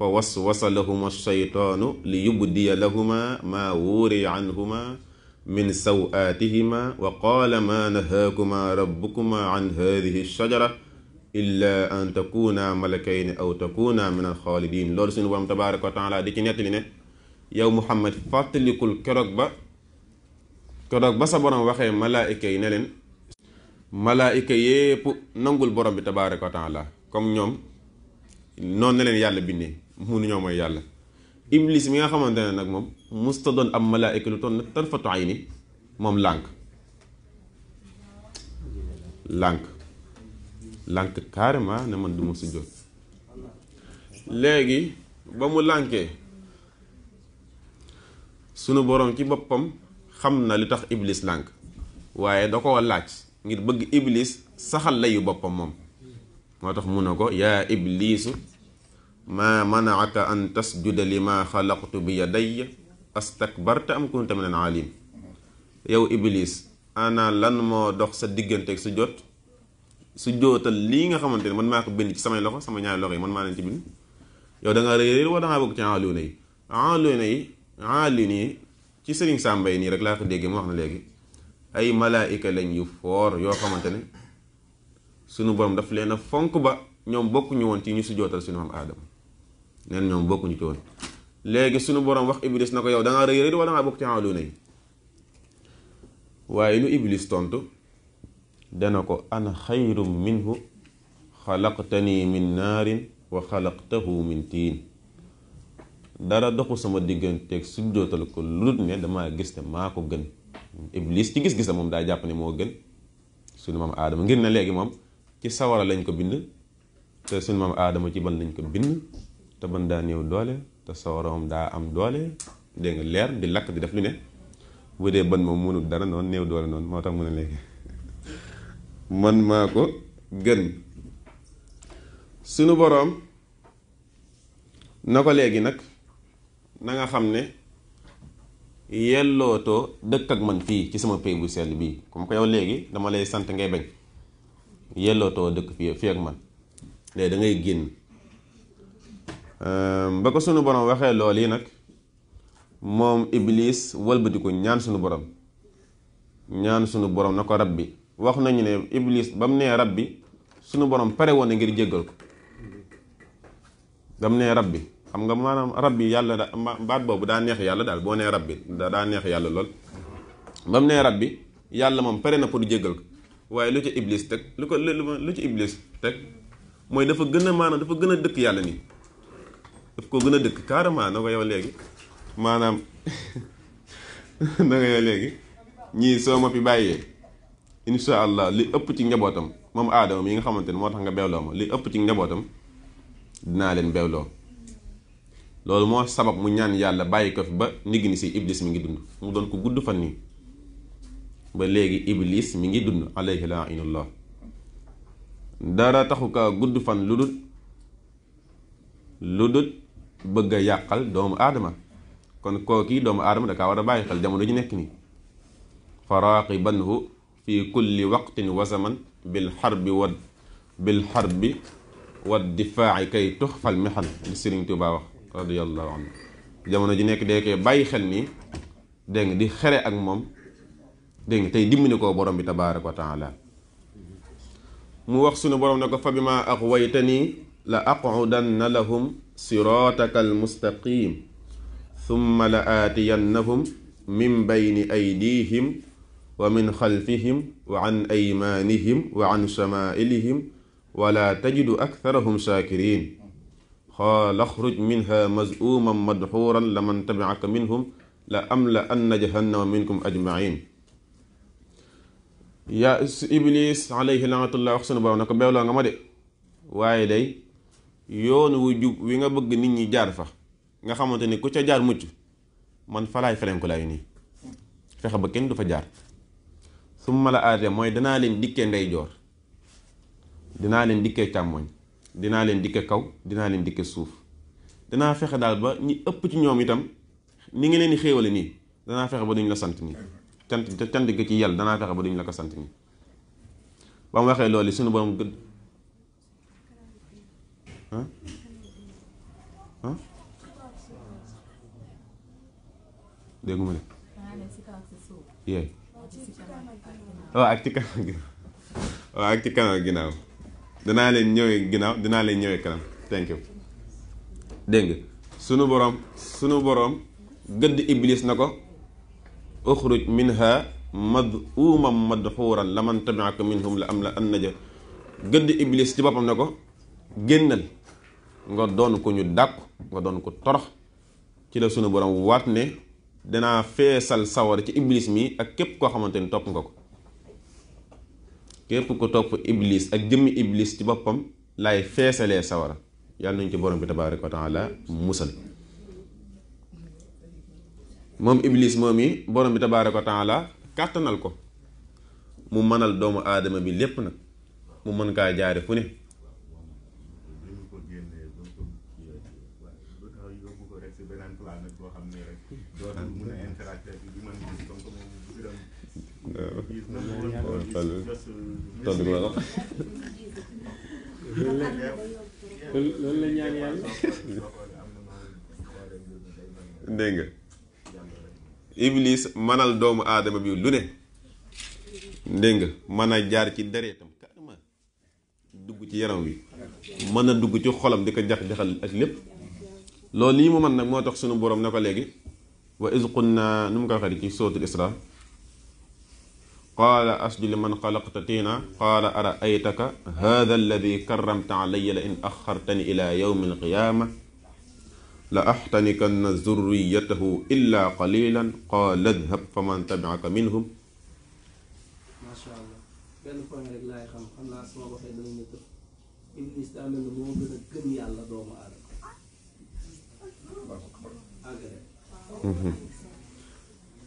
فوسوس لهما الشيطان ليبدي لهما ما وري عنهما من سوآتهما وقال ما نهاكما ربكما عن هذه الشجرة إلا أن تكونا ملكين أو تكونا من الخالدين لور سن تبارك وتعالى ديكي نيتلي يا محمد فاتلي كل keroog keroog ba sa borom waxee malaayika yi ne leen malaayika yépp nangul borom bi ko wa la comme ñoom noonu ne leen yàlla bindee munu ñoo mooy yàlla iblis mi nga xamante ne nag moom musta doon am malaayika lu toon tarfatu ayni moom lànk lànk lànk carrément ne man du ma sujjóot léegi ba mu lànkee sunu boroom ci boppam xamna na li tax iblis lànk waye dako koo laaj ngir bëgg iblis saxal layu bopam mom motax mu nako ya iblis ma manaaka an tasjuda lima khalaqtu bi yaday astakbarta am kunta min alim yow iblis ana lan mo dox sa digënté ak su jot su jotal li nga xamanteni man mako ko bind ci sama loxo sama ñaari loxo man ma leen ci bind yow da nga réeréer wala da nga bëgg ci aaluuna yi aaluuna ci sëriñ Samba yi nii rek laa ko déggee mu wax na léegi ay malaayika lañ yu foor yoo xamante ne sunu borom daf leen a fonk ba ñoom bokkuñu woon ci ñu si jootal suñu maam aadama neen ñoom bokkuñu ci woon léegi suñu borom wax iblis na ko yow da ngaa rëy rëy wala ngaa bokk ci aaluuna yi waaye lu iblis tontu dana ko ana xayrum minhu xalaqtani min naarin wa xalaqtahu min tiin dara doxul sama digganteeg su dootal ko lu dul ne damaa gis ne maa ko gën iblis ci gis-gis la moom daa jàpp ne moo gën suñu maam aadama ngir ne léegi moom ci sawara lañ ko bind te suñu maam aadama ci ban lañ ko bind te ban daa néew doole te sawara moom daa am doole dégg nga leer di lakk di def lu ne bu dee ban moom mënul dara noonu néew doole noonu moo tax mu a léegi man maa ko gën sunu boroom na ko léegi nag na nga xam ne yellootoo dëkk ak man fii ci sama pays bu sell bii comme que yow léegi dama lay sant ngay bañ yellootoo dëkk fii fii ak man léegi da ngay génn ehm, ba ko sunu borom waxee lool yi nag moom iblis walbati ko ñaan sunu borom ñaan sunu borom na ko wax nañu ne iblis ba mu nee sunu borom pare woon ngir jéggal ko ba mu nee xam nga maanaam bi yàlla da baat boobu daa neex yàlla daal boo nee rabbi daa neex yàlla lool ba mu rab bi yàlla moom pare na pour jéggal ko waaye lu ci iblis teg lu ko lu ci iblis teg mooy dafa gën a maanaam dafa gën a dëkk yàlla nii daf ko gën a dëkk carrément na ko yow léegi maanaam na nga yow léegi ñii soo ma fi bàyyee insha allah li ëpp ci njabootam moom aadama yi nga xamante ne moo tax nga bewloo ma li ëpp ci njabootam dinaa leen bewloo loolu mo sabab mu ñaan yalla bàyyi ko fi ba nigi ni ci iblis mi ngi dund mu don ko gudd fan ba legi iblis mi ngi dund alayhi ilallah dara taxuka kaa gudd fan lu dul bëgg yaqal doom adama kon kon ki doom adama da ka wara a xel jamono ji nekk ni faraqibanhu fi kulli waqtin wa zaman bil harbi wad bil harbi wad difa'i kay tukhfal mihal serigne touba wax رضي الله عنه جامونا جي نيك ديك باي خيل ني دنج دي خري اك موم دنج تاي ديم نيكو بوروم بي تبارك وتعالى مو واخ سونو بوروم نكو فبما اقويتني لا اقعدن لهم صراطك المستقيم ثم لاتينهم من بين ايديهم ومن خلفهم وعن ايمانهم وعن شمائلهم ولا تجد اكثرهم شاكرين قال اخرج منها مزؤوما مدحورا لمن تبعك منهم لأملأن جهنم منكم أجمعين يا إبليس عليه لعنة الله أحسن بابا نكو بيولا نغم دي واي دي يون وجوب ويغا بغ نيني جار فا نغا خامو تني كوچا جار موچ من فلاي فلين كلا يني فخ بكين دو فجار ثم لا آدم موي دنا لين ديكي ندي جور دنا لين ديكي تاموني dinaa leen dikke kaw dinaa leen dikke suuf danaa fexe daal ba ñi ëpp ci ñoom itam ni nga leen di xéewale nii danaa fexe ba duñ la sant nii cant cant gi ci yàlla danaa fexe ba duñ la ko sant nii ba mu waxee loolu suñu borom gën ah ah dégguma de yeey waaw ak ci kanam ginnaaw waaw ak ci kanam ginnaaw danaa leen ñëwee ginnaaw dinaa leen ñëwee kanam thank you dégg nga sunu boroom sunu boroom gëdd iblis na ko uxruj minha maduuman madxuuran la man tabiaka minhum la am la an naja gëdd iblis ci boppam na ko génnal nga doon ko ñu dàqu nga doon ko torox ci la sunu boroom waat ne danaa feesal sawar ci iblis mi ak képp koo xamante ni topp nga ko képp ku topp iblis ak jëmmi iblis ci boppam lay feesalee sawara yàlla nañ ci borom bi tabaaraka wa taala musal moom iblis moom yi borom bi tabaaraka wa taala kàttanal ko mu mënal doomu aadama bi lépp nag mu mën kaa jaare fu ne tànn ko wax. loolu la loolu la ñaan yàlla. dégg nga. Iblis manal doomu aadama bi lu ne. dégg nga mën a jaar ci deretam carrément dugg ci yaram wi mën a dugg ci xolam di ko jax-jaxal ak lépp loolu lii mu mën nag moo tax sunu borom ne ko léegi wa iz qulna nu mu ko waxee ci sootul Isra قال أسجد لمن خلقت تينا قال أرأيتك هذا الذي كرمت علي لئن أخرتني إلى يوم القيامة لأحتنكن ذريته إلا قليلا قال اذهب فمن تبعك منهم ما شاء الله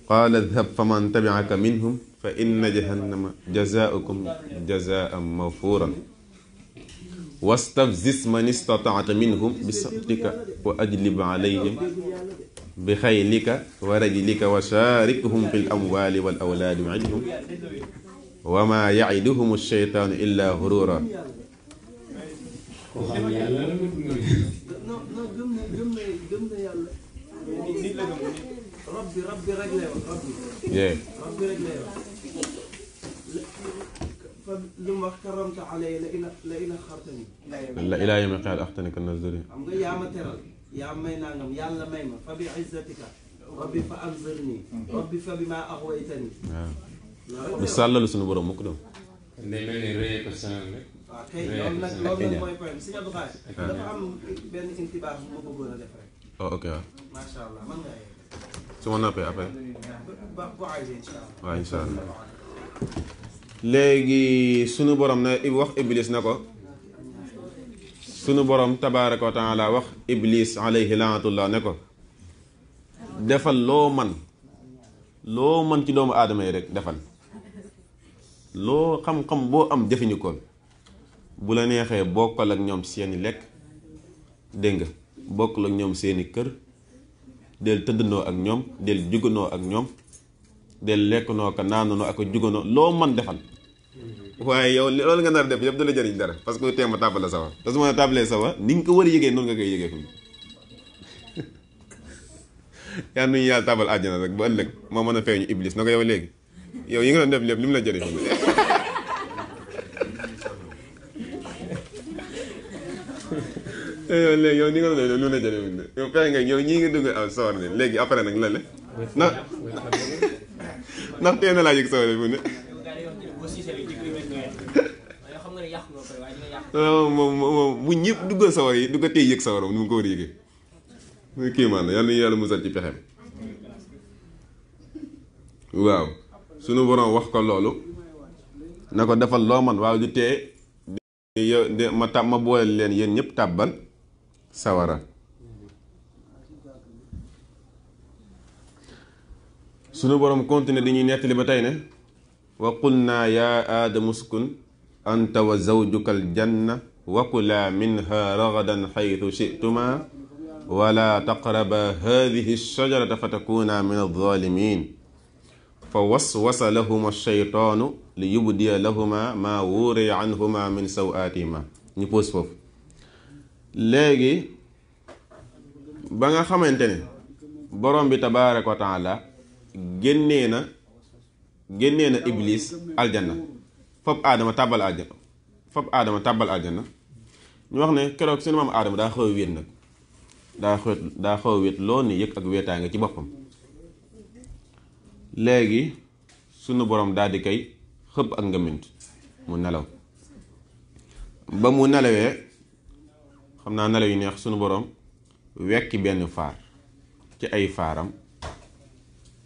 قال اذهب فمن تبعك منهم فإن جهنم جزاؤكم جزاء مغفورا واستفزز من استطعت منهم بصدقك وأجلب عليهم بخيلك ورجلك وشاركهم في الأموال والأولاد معهم وما يعدهم الشيطان إلا غرورا نعم، نعم، ربي ربي رجلي ربي yeah. ربي رجلي فلما كرمت علي لا إلى لا إلى خرتني لا إلى يوم القيامة أختني كن نزلي أم يا عم ترى يا عم يا نعم يا الله ميمة فبعزتك ربي فأنزلني ربي فبما أغويتني مسألة نعم. لسنا برا مكدو نعمل ريح كسانة Okay, yeah. Yeah. Yeah. Yeah. Yeah. Yeah. Yeah. Yeah. Oh, okay. Masha Allah, su ma noppee après waaw insha allah léegi sunu borom na wax iblis na ko sunu borom tabaaraka wa taala wax iblis alayhi laanatullah ne ko defal loo man loo man ci doomu aadama yi rek defal loo xam-xam boo am jëfiñu ko bu la neexee bokkal ak ñoom seeni lekk dégg nga bokkal ak ñoom seeni kër del tëddandoo ak ñoom del juganoo ak ñoom del lekkanoo ko naananoo ak juganoo loo man defal waaye yow loolu nga nar def yëpp du la jëriñ dara parce que teema tàbbal la sawar te su ma tàbbalee sawar ni nga ko war a yëgee noonu nga koy yëgee fi yaa nuñu yàlla tàbbal àjjana rek ba ëllëg moo mën a feeñu iblis na ko yow léegi yow yi nga doon def li mu la jëriñ léegi yow ni nga doon léegi lu la jëlee woon yow fexe nga yow ñii nga dugg aw soor ne léegi après nag lan la. ndax ndax teel na laa yëg soor bu ne. moom moom bu ñëpp duggal sawar yi du ko téye yëg sawaram nu mu ko war a yëgee. muy kii maanaam yal nañu yàlla musal ci pexem. waaw sunu borom wax ko loolu. na ko defal loo man waaw du tee. yow de ma ta ma boole leen yéen ñëpp tàbbal. سوارا سنو borom كونتنا di ñuy nettali ba tey ne wa qulna ya aadamu uskun anta وكلا منها رغدا حيث شئتما ولا تقربا هذه الشجرة فتكونا من الظالمين فوسوس لهما الشيطان ليبدي لهما ما وري عنهما من سوآتهما نبوس فوف léegi ba nga xamante ne borom bi tabaare ko wa la génnee na génnee na iblis aljana fab aadama tàbbal aljanna fab aadama tàbbal aljanna ñu wax ne keroog seen maam aadama daa xaw a wéet nag daa xaw daa xaw a wéet loo ni yëg ak wéetaange ci boppam léegi sunu borom daal di koy xëpp ak ngamint mu nelaw ba mu nelawee xamna nalaw nelaw yu neex sunu borom wekki ben far ci ay faram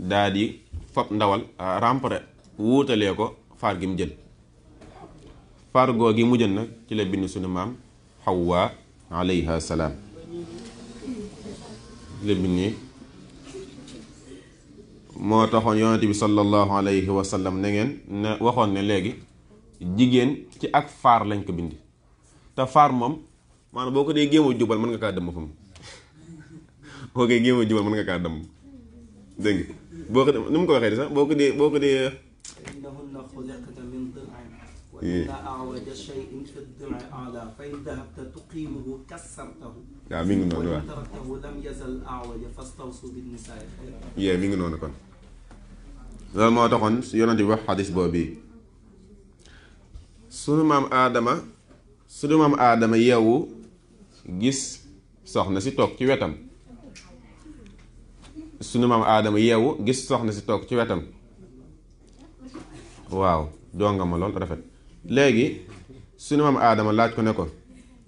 dadi fop ndawal rampere wuutalee ko far gi mu jël faar googi mu jël nak ci la bind sunu mam hawa alayha salam le la mo moo taxoon bi sallallahu alayhi wa sallam ne ngeen ne waxoon ne léegi jigéen ci ak far lañ ko bindi ta far mom maanaam boo ko dee géem jubal mën nga kaa dem fam boo ko dee géem jubal mën nga kaa dem dégg boo ko nu mu ko boo ko dee boo mi ngi noonu waaw mi ngi noonu kon loolu moo taxoon yonent bi wax xadis boobu sunu maam aadama sunu maam aadama yeewu gis soxna ci tok ci wetam sunu mam adam yewu gis soxna ci tok ci wetam waaw donga ma lool rafet léegi sunu mam adam laaj ko ne ko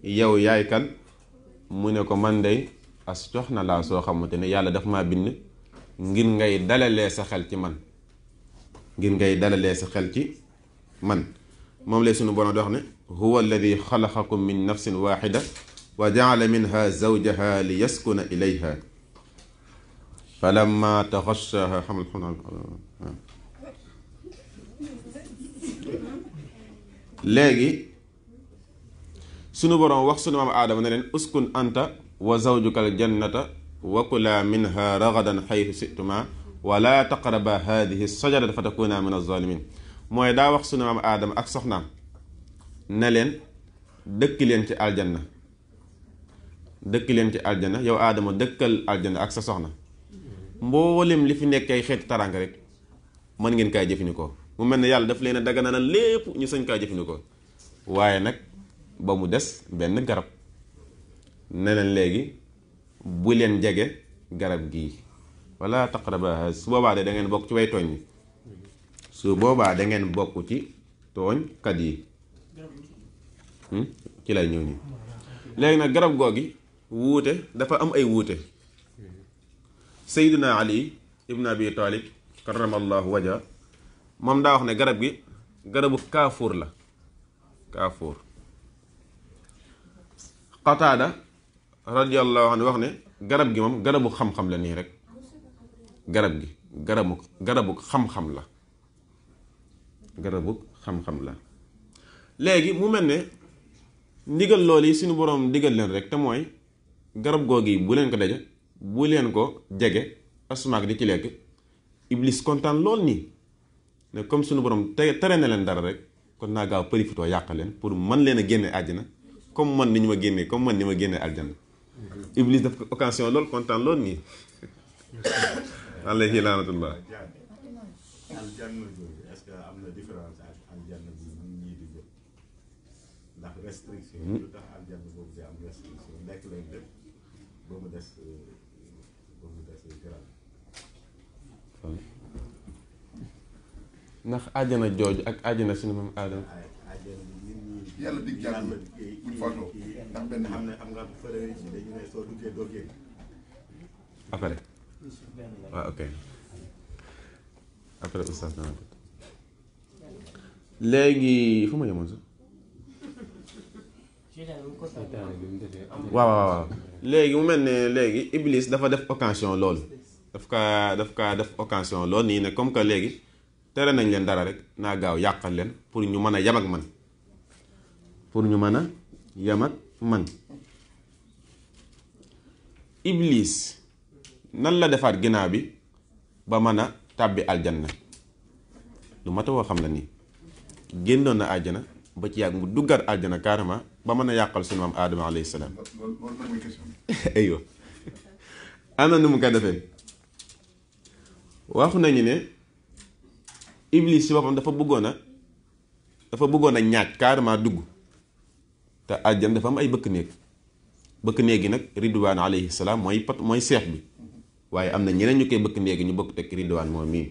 yow yaay kan mu ne ko man day as soxna la so xamante ne yàlla daf ma bind ngir ngay dalale sa xel ci man ngir ngay dalale sa xel ci man mom lay sunu bono dox ne huwa alladhi khalaqakum min nafsin waxida وجعل منها زوجها ليسكن إليها فلما تغشاها حمل لاجي سنو برام وقت سنو آدم نلين أسكن أنت وزوجك الجنة وكلا منها رغدا حيث سئتما ولا تقربا هذه الشجرة فتكون من الظالمين موي دا وقت سنو آدم أكسخنا نلين لين في الجنه dëkk leen ci aljana yow aadama dëkkal aljana ak sa soxna mboolem li fi nekk ay xeeti taraanga rek mën ngeen kaay jëfandikoo mu mel ne yàlla daf leen a na lépp ñu sañ jëfandikoo waaye nag ba mu des benn garab ne leen léegi bu leen jege garab gii wala taqraba su boobaa de dangeen bokk ci way tooñ yi su boobaa da ngeen bokk ci tooñkat yi hmm? ci lay ñëw nii léegi nag garab googi wuute dafa am ay wuute sayduna ali ibn abi talib karamallahu waja moom daa wax ne garab gi garabu kaafuur la kaafuur qataada radiallahu anhu wax ne garab gi moom garabu xam-xam la nii rek garab gi garabu garabu xam-xam la garabu xam-xam la léegi mu mel ne ndigal loolu yi suñu boroom digal leen rek te mooy garab googu yi bu leen ko daje bu leen ko jege asmaak di ci lekk iblis kontaan lool nii ne comme suñu borom te tere na leen dara rek kon naa gaaw përifitoo yàq leen pour man leen a génne àjjana comme man ni ñu ma génnee comme man ni ma génne génnee àjjana iblis daf ko occasion lool kontaan lool nii alayhi laanatullah am na différence ak aljanna bi ñii ba mu ndax àjjana jooju ak àjjana suñu moom aadama. yàlla dig jàll buñ foto ndax benn ah, léegi fu ma yemoon sax waaw waaw léegi mu mel ne léegi Iblis dafa def occasion loolu daf kaa daf kaa def occasion loolu nii ne comme que léegi tere nañ leen dara rek naa gaaw yàqal leen pour ñu mën a yam ak man pour ñu mën a yam ak man Iblis nan la defaat ginnaaw bi ba mën a tàbbi aljanna lu matawoo xam la nii génnoon na àjjana ba ci yàgg mu duggaat aljana carrément ba mën a yàqal suñu maam aadama alayhi salaam aywa ana nu mu koy defee wax nañu ne iblis si boppam dafa bëggoon a dafa bëggoon a ñaaj carrément dugg te àjjan dafa ay bëkk néeg bëkk néeg yi nag ridwaan alayhi salaam mooy pat mooy seex bi waaye am na ñeneen ñu koy bëkk néeg yi ñu bokk teg ridwaan moom mii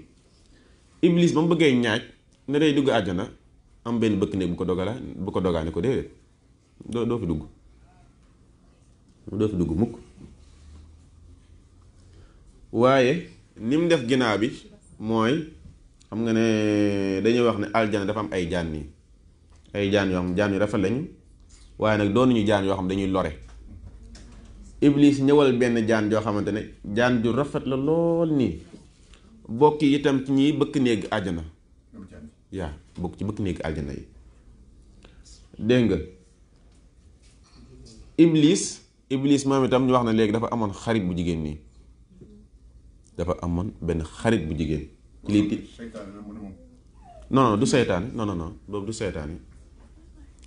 iblis ba mu bëggee ñaaj ne day dugg àjjana am benn bëkk néeg bu ko dogala bu ko dogaane ko déedéet doo doo fi dugg doo fi dugg mukk waaye ni mu def ginnaaw bi mooy xam nga ne dañuy wax ne aljana dafa am ay jaan yi ay jaan yoo xam jaan yu rafet lañu waaye nag doon nañu jaan yoo xam dañuy lore iblis ñëwal benn jaan joo xamante ne jaan ju rafet la lool nii bokk itam ci ñiy bëkk néeg aljana yaa bokk ci bëkk néeg aljana yi dégg nga Iblis Iblis moom itam ñu wax na léegi dafa amoon xarit bu jigéen nii dafa amoon benn xarit bu jigéen. ci lii du seytaane non non non du seytaane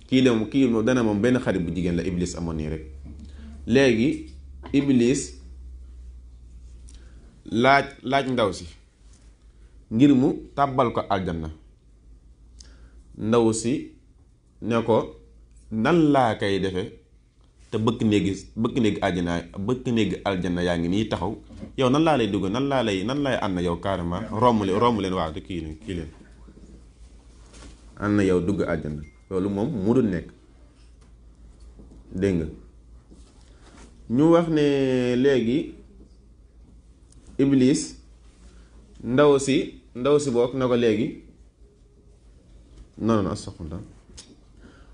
kii de moom kii moom moom benn xarit bu jigéen la Iblis amoon nii rek léegi Iblis laaj laaj ndaw si ngir mu tàbbal ko aljanna ndaw si ne ko nan laa koy defe te bëkk néegi bëkk néegi aljana bëkk néegi aljana yaa ngi nii taxaw yow nan laa lay dugg nan laa lay nan lay ànd yow carrément romb leen romb leen waaw kii leen kii na ànd yow dugg aljana loolu moom mu dul nekk dégg nga ñu wax ne léegi iblis ndaw si ndaw si book na ko léegi non non astafurlah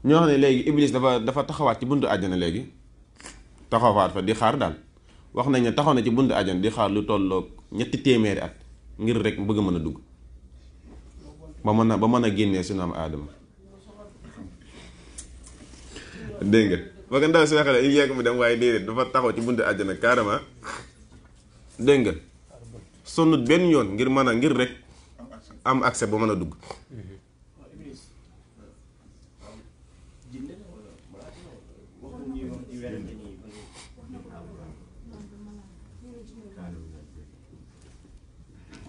ñoo xam ne léegi iblis dafa dafa taxawaat ci buntu àjjana léegi taxawaat fa di xaar daal wax nañ ne taxaw na ci buntu àjjana di xaar lu tolloog ñetti téeméeri at ngir rek bëgg mën a dugg ba mën a ba mën a génnee suñu am aadama dégg nga ndaw si waxee yegg mu dem waaye déedéet dafa taxaw ci buntu àjjana carrément dégg nga sonnut benn ngir mën ngir rek am accès ba mën dugg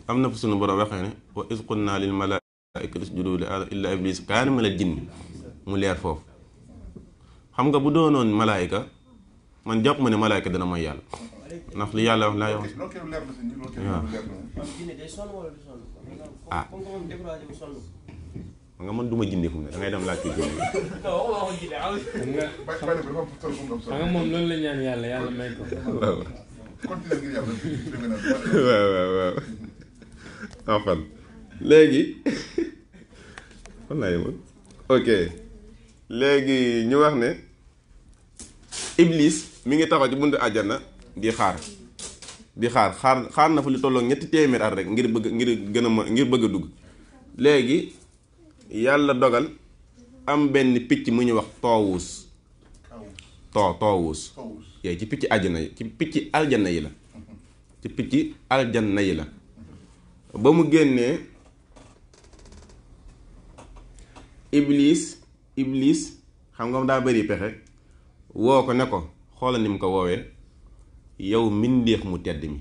am na fu suñu borom waxee ne wa iz qulna lil malaa'ikati isjudu li aadama illa iblis kaana mina al jinni mu leer foofu xam nga bu doonoon malaayika man jàpp ma ne malaayika dana mooy yàlla ndax li yàlla wax laa yow ah nga man duma jinde fu mu ne dangay dem laaj ko jinde xam nga moom loolu la ñaan yàlla yàlla may ko waaw waaw waaw enfant ah, léegi fan laa yemoon ok léegi ne iblis mi ngi taxaw ci buntu àjjana di xaar di xaar xaar xaar na fa lu tolloo ñetti téeméer at rek ngir bëgg ngir gën a ngir bëgg a dugg léegi yàlla dogal am benn picc mu ñu wax toowuus too toowuus ci picc àjjana yi ci picc aljanna yi la ci picc aljanna yi la ba mu génnee iblis iblis xam nga daa bari pexe woo ko ne ko xoola ni mu ko woowee yow mbindeef mu tedd mi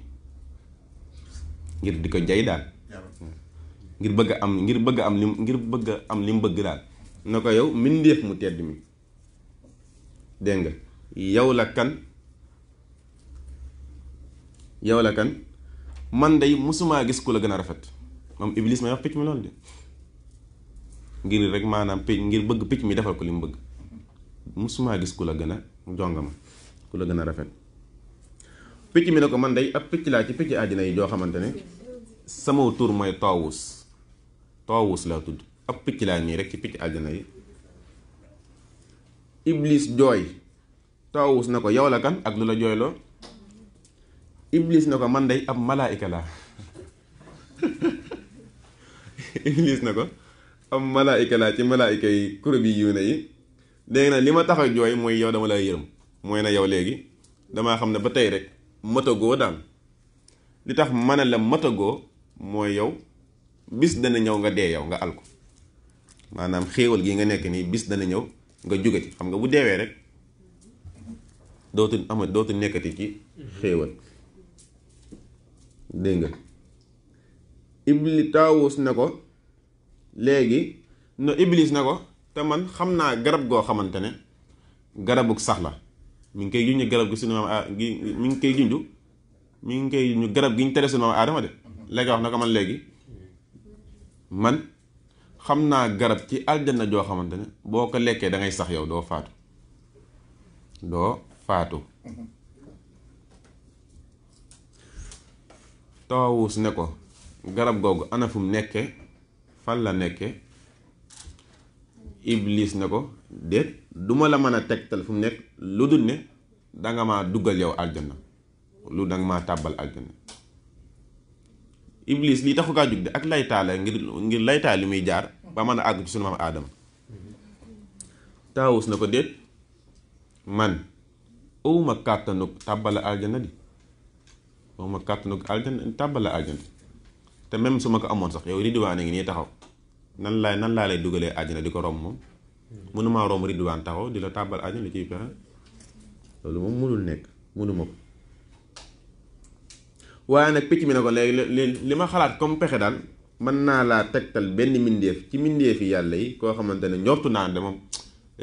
ngir di ko jay daal ngir bëgg am ngir bëgg am lim ngir bëgg am lim bëgg daal na ko yow mbindeef mu tedd mi dégg nga yow la kan yow la kan man day mosumaa gis ku la gën a rafet moom iblis may wax picc mi loolu de ngir rek maanaam picc ngir bëgg picc mi defal ko li mu bëgg mosumaa gis ku la gën a jongama ku la gën a rafet picc mi ne ko man day ab picc laa ci picc àddina yi joo xamante ne sama tur mooy toowus toowus laa tudd ab picc laa nii rek ci picc àddina yi iblis jooy toowus na ko yow la kan ak lu la jooyloo iblis na ko man day ab malaayika laa iblis na ko ab malaayika laa ci malaayika yi kuréel yu ne yi léegi nag li ma tax a jooy mooy yow dama lay yërëm mooy na yow léegi damaa xam ne ba tey rek matagoo daal li tax ma ne la matagoo mooy yow bis dana ñëw nga dee yow nga al ko maanaam xéewal gi nga nekk nii bis dana ñëw nga jóge ci xam nga bu deewee rek dootu amat dootu nekkati ci xéewal dégg nga ibli taawus na ko léegi no iblis ne ko te man xam naa garab goo xamante ne garabug sax la mu ngi koy junj garab gi suñu maam gi mi ngi koy junj mu ngi koy junj garab gi ñu tere suñu maam aadama de léegi wax na ko man léegi man xam naa garab ci aljanna joo xamante ne boo ko lekkee dangay sax yow doo faatu doo faatu taawus ne ko garab googu ana fu mu nekke fan la nekke iblis ne ko déet duma la mën a tegtal fu mu nekk lu dul ne danga ma duggal yow aljanna lu danga ma tàbbal aljanna iblis lii taxu kaa jug de ak laytaale ngir ngir laytaal li muy jaar ba mën a àgg ci sunu maam aadama taawus na ko déet man awma kàttanu tàbbala aljanna di moom ma kàttanu aljana tàbbal la aljana te même su ma ko amoon sax yow ridwaan a ngi nii taxaw nan laay nan laa lay dugalee aljana di ko romb moom mënumaa romb ridwaan taxaw di la tàbbal aljana li ciy pexe loolu moom mënul nekk mënuma ko waaye nag picc mi ne ko léegi li li ma xalaat comme pexe daal mën naa laa tegtal benn mbindeef ci mbindeefi yàlla yi koo xamante ne njortu naa ne moom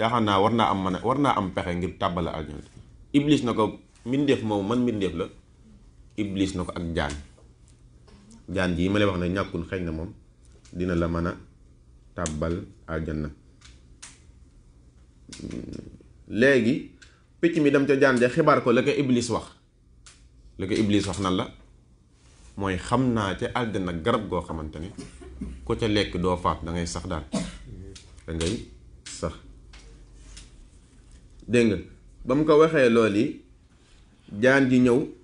yaakaar naa war naa am man war naa am pexe ngir tàbbala aljana iblis na ko mbindeef moom man mbindeef la iblis na ko ak jaan jaan ji yi ma lay wax na ñàkkul xëy na moom dina la mën a tàbbal aljanna léegi picc mi dem ca jaan ja xibaar ko la ko iblis wax la ko iblis wax nan la mooy xam naa ca aljanna garab goo xamante ni ku ca lekk doo faat dangay sax daal da sax dégg ba mu ko waxee lool yi jaan ji ñëw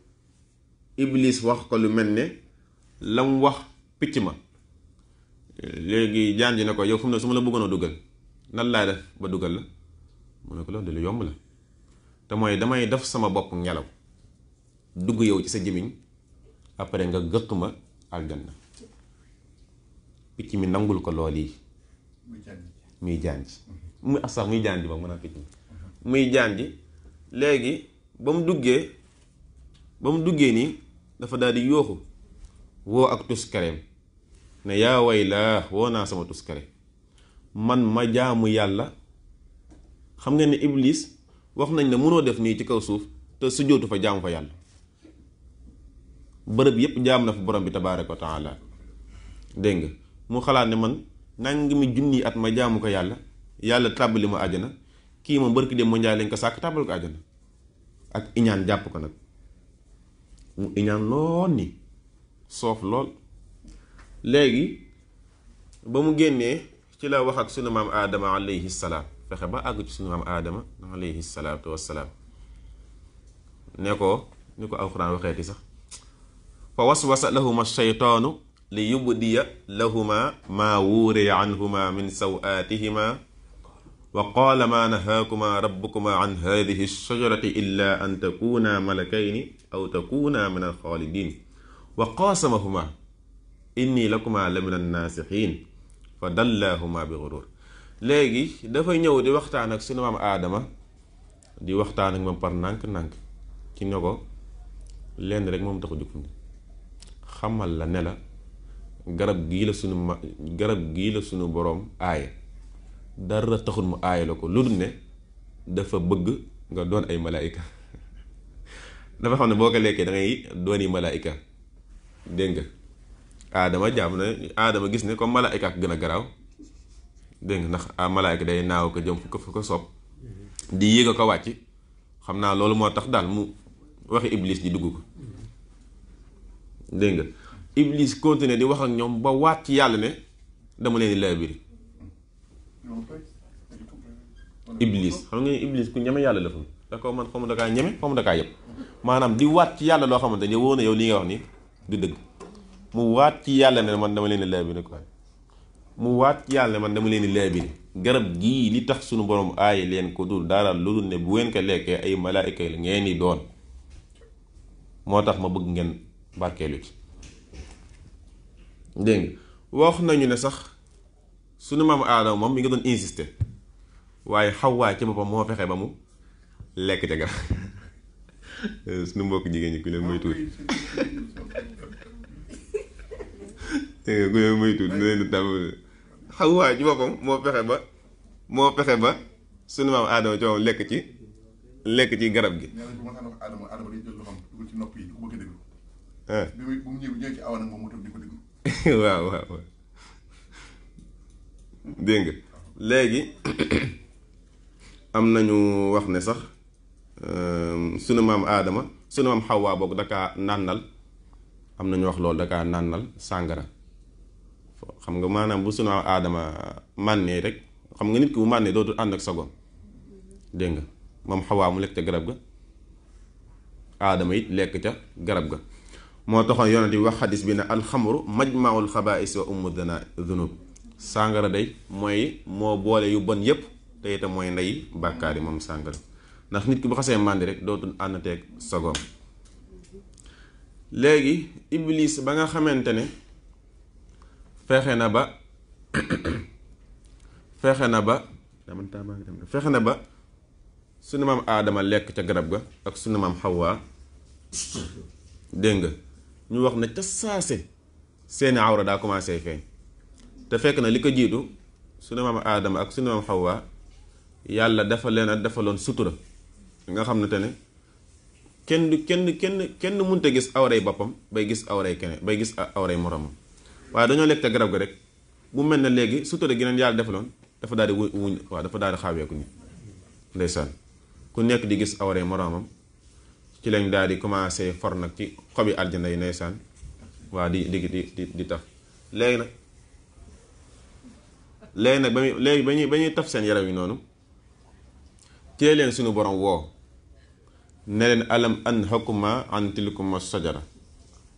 iblis wax ko lu melne ne lam wax picc ma léegi janji ji yow fu mu la bëggoon duggal dugal nan laay def ba duggal la mu ne ko loolu yomb la te moy damay def sama bop ngelaw dugg yow ci sa jimiñ après nga gëq al janna picc mi nangul ko loli mi muy mi ji muy asax mhm. muy jaan mhm. ba mu na picc mi janji jaan bam duggé ba duggé ni dafa daal di yooxu woo ak tuskareem ne yaa way woo naa sama tuskare man ma jaamu yàlla xam nga ni iblis wax nañ ne mënoo def nii ci kaw suuf te su jootu fa jaamu fa yàlla bërëb yépp jaam na fa borom bi tabaaraka wa taala dégg nga mu xalaat ne man nangami junni at ma jaamu ko yàlla yàlla tàbbali ma àjjana kii ma mbërki dem ma njaay lañ ko sàkk tàbbal ko àjjana ak iñaan jàpp ko nag èèyàn lọ́ọ̀ ni soof lool léegi ba mu génnee ci la wax ak sunu maam aadama alayhi salaam fexe ba àgg ci sunu maam aadama alayhi salaatu wassalaam ne ko ni ko alquran alxuraan ti sax fa waswasa lahuma shaytaanu li yubdiya lahuma ma wuuriya anhuma min sawaatihima وقال ما نهاكما ربكما عن هذه الشجرة إلا أن تكونا ملكين أو تكونا من الخالدين وقاسمهما إني لكما لمن الناسحين فدلاهما بغرور لاجي دا فاي نيو دي وقتان اك ادم دي وقتان اك مام بار نانك نانك تي نوكو لين ريك مام تاخو ديكوندي خمال لا نلا غرب جي لا سونو ايه dara taxul mu aaya la ko lu dul ne dafa bëgg nga doon ay malaayika dafa xam ne boo ko lekkee da ngay doon yi malaayika dégg nga aadama jàmm na aadama gis ne comme malaayika ak gën a garaaw dégg nga ndax ah, malaayika day naaw ko jëm fu ko fu ko soob di yéeg a ko wàcc xam naa loolu moo tax daal mu waxi iblis di dugg ko dégg nga iblis continuer di wax ak ñoom ba waat ci yàlla ne dama leen di laabiri iblis xam nga iblis ku ñeme yalla la da ko man xomu da ka ñame xomu da ka yeb manam di wat ci yalla lo xamante ne yow li nga wax ni du deug mu wat ci yalla ne man dama leen di laabiri quoi mu wat ci yalla man dama leen di laabiri garab gii li tax suñu borom ay leen ko dul dara lu dul ne bu wen ka lekkee ay malaika la ngeen ni doon motax ma bëgg ngeen barkelu ci deng wax nañu ne sax sunu maam aadama moom mi ngi doon insister waaye xawwaa ci boppam moo fexe ba mbokk jigéen ñi ku leen moy eh, tuuti moo fexe ba moo fexe ba aadama ci boppam lekk ci lekk ci garab gi. waaw waaw. dégg nga léegi am nañu wax ne sax euh, sunu maam aadama sunu maam xawaa boog dakaa nànnal am nañu wax loolu daka nànnal sàngara xam nga maanaam bu sunu maam aadama mànnee rek xam nga nit ki bu mànnee dootul ànd ak sagoom dégg nga moom xawaa mu lekk ca garab ga aadama it lekk ca garab ga moo taxoon yonent bi wax xadis bi ne alxamru majmaul xabaais wa ummu dunub sàngara day mooy moo boole yu bon yépp te itam mooy ndey bàkkaar yi moom sàngara ndax nit ki bu xasee màndi rek dootul teg sagoom léegi iblis ba nga xamante ne fexe na ba fexe na ba fexe na ba sunu maam aadama lekk ca garab ga ak sunu maam xawaa dégg nga ñu wax na ca saase seeni awra daa commencé feeñ te fekk na li ko jiitu sunu maam aadama ak sunu maam xawwa yàlla dafa leen a defaloon sutura nga xam ne te ne kenn du kenn kenn kenn munta gis awray boppam bay gis awray keneen bay gis awray moromam waaye dañoo lekk te garab gi rek mu mel ne léegi sutura gi leen yàlla defaloon dafa daal di wuñ wuñ waaw dafa daal di xaaweeku ni ndeysaan ku nekk di gis awray moromam ci lañ daal di commencé for nag ci xobi aljana yi ndeysaan waa di di di di taf léegi nag léegi nag ba muy léegi ba ñuy ba ñuy taf seen yaram yi noonu tee leen suñu borom woo ne leen alam anhakuma an tilkuma sajara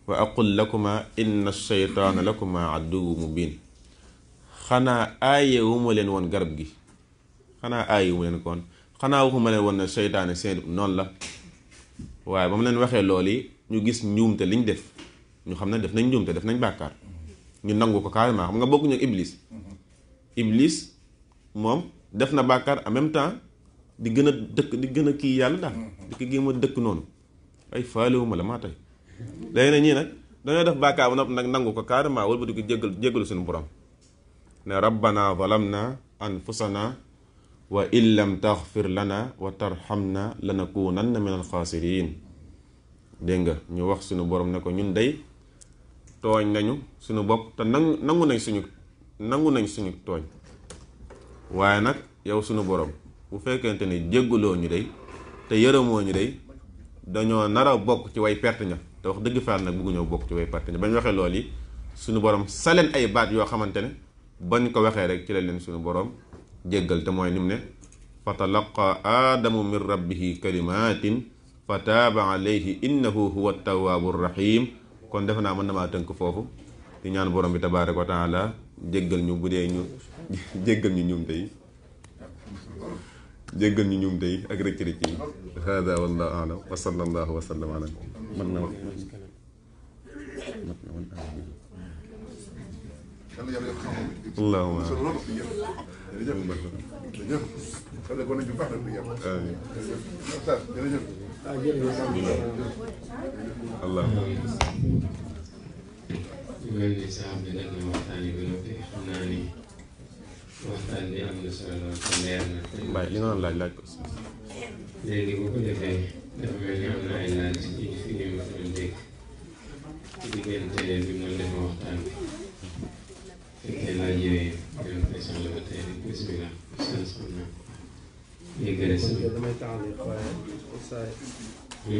wa aqul lakuma inna shaytaana lakuma aduwu mubin xanaa aaye wu leen woon garab gi xanaa aaye wu leen koon xanaa waxuma leen woon ne seytaane seen noonu la waaye ba mu leen waxee loolu ñu gis njuumte liñ def ñu xam ne def nañ njuumte def nañ bàkkaar ñu nangu ko carrément xam nga bokkuñu ak iblis iblis mom def na bakar en même temps di gëna dëkk di gëna ki yalla da mm-hmm. di ko gëma dëkk non ay faalu mala ma tay day na ñi nak dañu def bakar nak nangu ko wala bu di ko jéggal jéggalu suñu borom na rabbana zalamna anfusana wa illam taghfir lana wa tarhamna lanakunanna min khasirin denga, ñu wax suñu borom ne ko ñun day tooñ nañu suñu ta nangu nañ suñu nangu nañ suñu tooñ waaye nag yow suñu borom bu fekkente ni jégguloo ñu day te yërëmoo ñu day dañoo nar a bokk ci way perte ña te wax dëgg faal nag bëgguñoo bokk ci way perte ña bañ waxee loolu yi suñu borom saleen ay baat yoo xamante ne bañ ko waxee rek ci la leen suñu borom jéggal te mooy nim ne fa talaqa aadamu min rabbihi kalimatin fa taaba alayhi innahu huwa tawaabu rahim kon defe naa mën na maa tënk foofu di ñaan borom bi tabaraka wa taala jéggal ñu bu dee ñu jéggal ñu ñum tey jéggal ñu ñum tey ak rëcc rëcc yi hada wallahu alam wa sallallahu mel ni sax bi nag na waxtaan yi ba noppi xam naa ni waxtaan bi am na solo lool te leer na. mbay li nga doon laaj laaj ko si. léegi bu ko defee dafa mel ni am na ay laaj ci fi ñu ma fi doon dégg diggante bi mu def waxtaan bi fekkee laaj yooyu dinañ koy soxla ba tey rek bisimilah sens xam naa yëgale sama. damay taxalee waaye saa yi.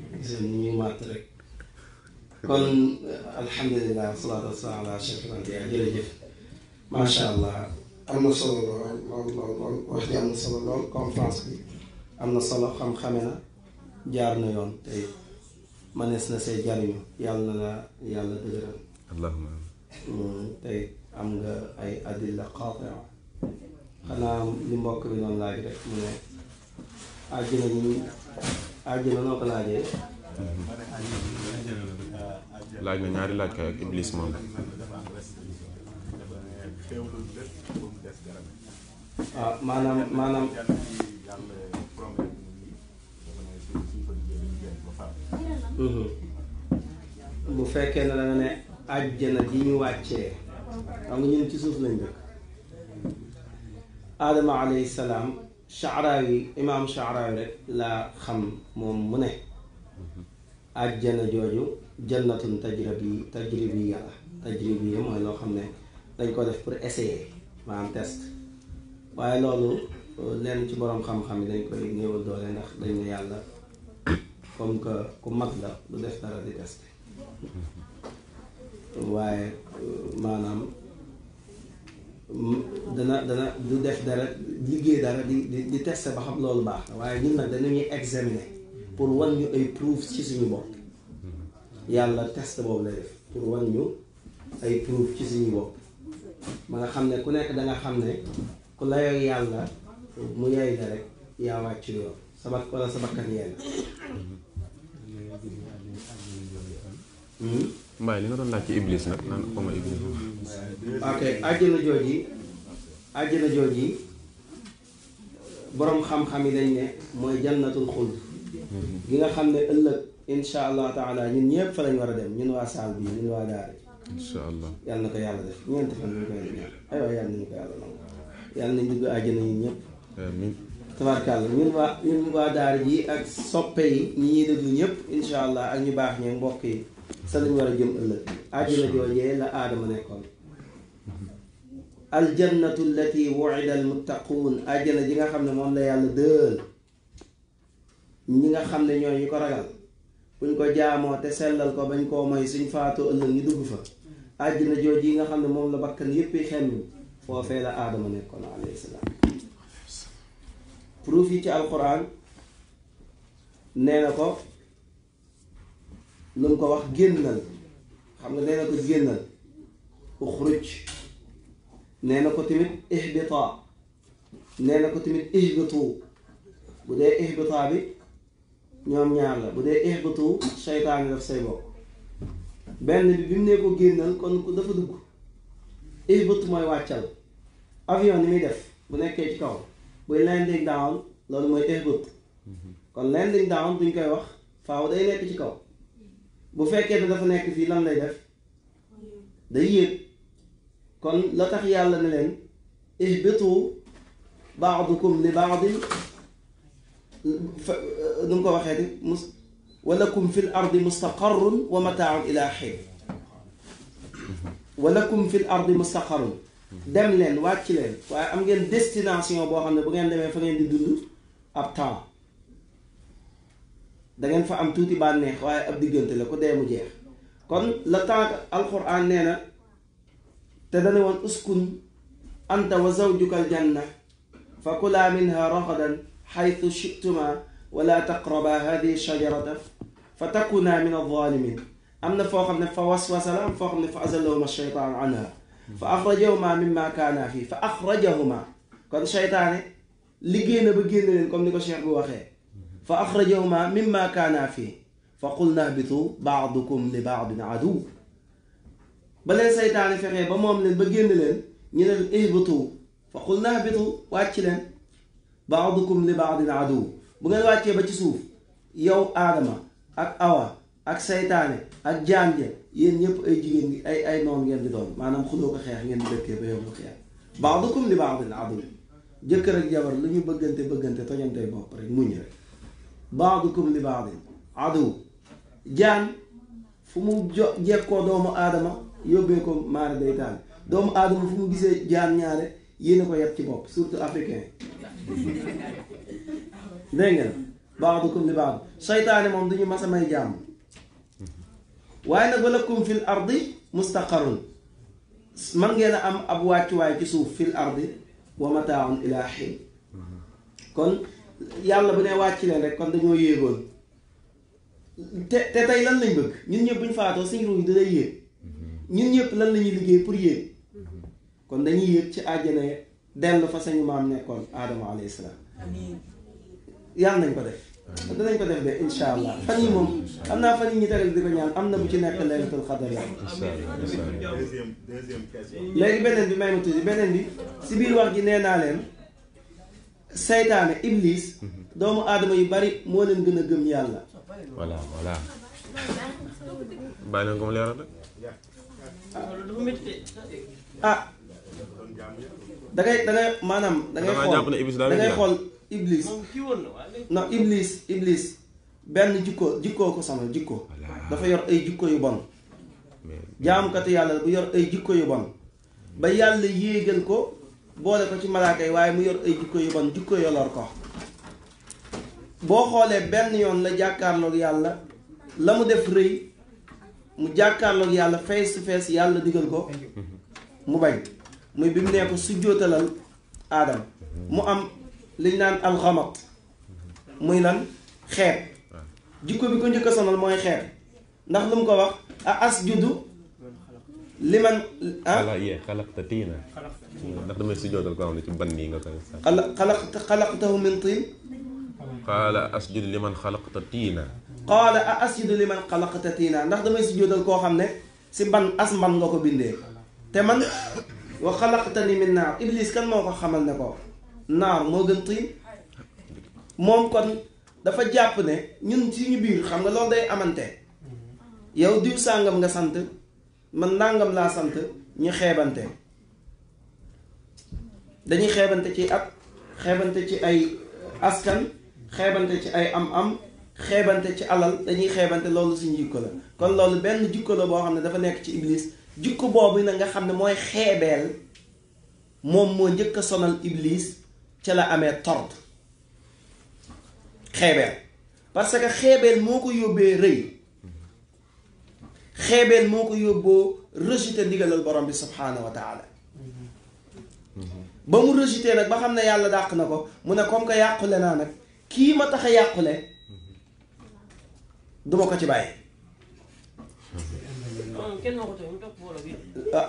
جميل معترك كون الحمد لله والصلاة والسلام على أشرف الأنبياء jërëjëf macha allah am na solo lool lool lool wax ji am na solo lool conférence bi am na solo xam-xame na jaar na yoon tey mënees na see jariñu yàlla na la yàlla dëgëral. allahumma tey am nga ay adilla qaatia xanaa li mbokk bi noonu laaj rek mu ne àjjana ñu àjjana noo ko laajee. laaj na ñaari laaj kay ak iblis moom waaw maanaam maanaam bu fekkee ne da nga ne àjjana ji ñu wàccee xam nga ñun ci suuf lañ dëkk aadama alayhi salaam shaaraawi imaam shaaraawi rek laa xam moom mu ne àjjana jooju jannatun tajribi tajribiya la tajribiya mooy loo xam ne dañ ko def pour essayer maanaam test waaye loolu lenn ci boroom xam-xam yi dañ koy néewal doole ndax dañ ne yàlla comme que ku mag la du def dara di test waaye maanaam dana dana du def dara liggéey dara di di teste ba xam loolu baax na waaye ñun nag danañuy examiner pour wan ñu ay preuve ci suñu bopp yàlla test boobu lay def pour wan ñu ay preuve ci suñu bopp ma nga xam ne ku nekk da nga xam ne ku layoog yàlla mu yay la rek yaa wàcc yoon sabat wala sabatkat yéen. Hmm? li nga doon laaj ci iblis nag naan ko ma iblis. ok àjjana jooji àjjana jooji borom xam-xam yi dañ ne mooy jannatul xuld gi nga xam ne ëllëg insha allah taala ñun ñëpp fa lañ war a dem ñun waa saal bi ñun waa daara insha allah yàlla na ko yàlla def ñeenti fan ñu koy ñaan aywa yàlla nañu ko yàlla nangu yàlla nañ dugg àjjana ñun ñëpp amiin tabarkàlla ñun waa ñun waa daara ji ak soppe yi ñi ñuy déglu ñëpp insha allah ak ñu baax ñee mbokk yi sa lañ war a jëm ëllëg àjjana joojee la aadama nekkoon aljannatu allati wuida almuttaquun àjjana ji nga xam ne moom la yàlla dël ñi nga xam ne ñooy ñi ko ragal buñ ko jaamoo te sellal ko bañ koo moy suñ faatoo ëllëg ñu dugg fa àjjana jooju yi nga xam ne moom la bakkan yépp xemmi foofee la aadama nekkoon alayhi salaam proof yi ci alquran nee na ko lu ko wax génnal xam nga nee na ko génnal uxruj nee na ko tamit ihbita nee na ko tamit ihbitu bu dee ihbita bi ñom ñaar la bu dé ihbutu shaytan daf say bok benn bi bimu ne ko génnal kon ko dafa dugg ihbutu moy wàccal avion ni muy def bu nekké ci kaw bu landing down lolu moy ihbutu kon landing down duñ koy wax faaw day nekk ci kaw bu fekkee ne dafa nekk fii lan lay def day yéeg kon la tax yàlla ne leen ihbitu ba'dukum li ba'din ولكم في الارض مستقر ومتاع الى حين ولكم في الارض مستقر دم لين واتي لين ام غين ديستيناسيون بو خاندي بو غين ديمي فا غين دي دود اب تان دا غين فا ام توتي با نيه واي اب ديغنت لا كو دي مو جيخ كون لا تان القران نينا تا داني وون اسكن انت وزوجك الجنه فكلا منها رغدا حيث شئتما ولا تقربا هذه الشجرة فتكونا من الظالمين أم فوق من فوسوس لهم فوق من فأزلهم الشيطان عنها فأخرجهما مما كانا فيه فأخرجهما كان الشيطان لقينا بقينا لنكم نقول شيخ بوخي فأخرجهما مما كانا فيه فقلنا اهبطوا بعضكم لبعض عدو بل الشيطان في بمؤمن مؤمن بقينا لن اهبطوا فقلنا اهبطوا واتشلن ba'dukum li ba'din adu bu ngeen wàccee ba ci suuf yow aadama ak awa ak saytaane ak jaan ja yéen ñëpp ay jigéen ay ay noon ngeen di doon maanaam xuloo ko xeex ngeen di dëkkee ba yow mu xeex ba'dukum li ba'din adu jëkkër ak jabar lu ñu bëggante bëggante tojantey bopp rek muñ rek ba'dukum li ba'din adu jaan fu mu jo jekkoo doomu aadama yóbbee ko maara day taal doomu aadama fu mu gisee jaan ñaare yéen a ko yeb ci bopp surtout africain dégg nga baadukum li baadu seytaane moom du ñu mas a may jàmm waaye nag walakum fil ardi mustaqarun man ngeen am ab wàccuwaay ci suuf fil ardi wa mataaun ila kon yàlla bu ne wàcc leen rek kon dañoo yéegoon te te tey lan lañ bëgg ñun ñëpp bu ñu faatoo suñu ruuj da day yéeg ñun ñëpp lan lañuy liggéey pour yéeg kon dañuy yéeg ci àjjana dellu fa sañu maam nekkoon aadama alayhi salaam yàlla nañ ko def danañ ko def de insha allah fan yi moom xam naa fan yi ñu teral di ko ñaan am na bu ci nekk laylatul xadar la léegi beneen bi may ma tuuti beneen bi si biir wax ji nee naa leen saytaane iblis mhm. doomu aadama yu bari moo leen gën a gëm yàlla voilà voilà bàyyi leen ko mu rek da ngay da ngay maanaam. da ngay xool da ngay xool iblis. non iblis iblis benn jikko jikkoo ko sonal jikko. dafa yor ay jikko yu bon. jaamkatu yàlla bu yor ay jikko yu bon. ba yàlla yéegal ko boole ko ci malaaka yi waaye mu yor ay jikko yu bon jikko yolor ko. boo xoolee benn yoon la jàkkaarloog yàlla la mu def rëy mu jàkkaarloog yàlla face to face yàlla digal ko mu bañ. muy bi mu nee ko sujjootalal Adam. mu am liñ naan alxamat muy lan xeeb jikko bi ko njëkk a sonal mooy xeeb ndax lu mu ko wax a asjudu li man ah xalaqta tiina ndax damay sujjootal ko xam ne ci ban nii nga koy xalaqta xalaqtahu min tiin qaala asjudu li man xalaqta tiina qaala a asjudu li man xalaqta tiina ndax damay sujjootal koo xam ne si ban as mban nga wa xalaqtani min naar iblis kan moo ko xamal ne ko naar moo gën tiim moom kon dafa jàpp ne ñun suñu biir xam nga loolu day amante yow diw sàngam nga sant man nàngam laa sant ñu xeebante dañuy xeebante ci ab xeebante ci ay askan xeebante ci ay am-am xeebante ci alal dañuy xeebante loolu suñu jikko la kon loolu benn jikko la boo xam ne dafa nekk ci iblis jikko bobu na nga xamne moy xébel mom mo moo sonal iblis ci la amé tort xébel parce que xébel moko yobé reuy xébel moko yobbo rejeter digalal borom bi subhanahu wa taala ba mu rejeter nak ba xamne yàlla dak nako mu ne comme que yaqulena nak ki ma tax yàqule duma ko ci baye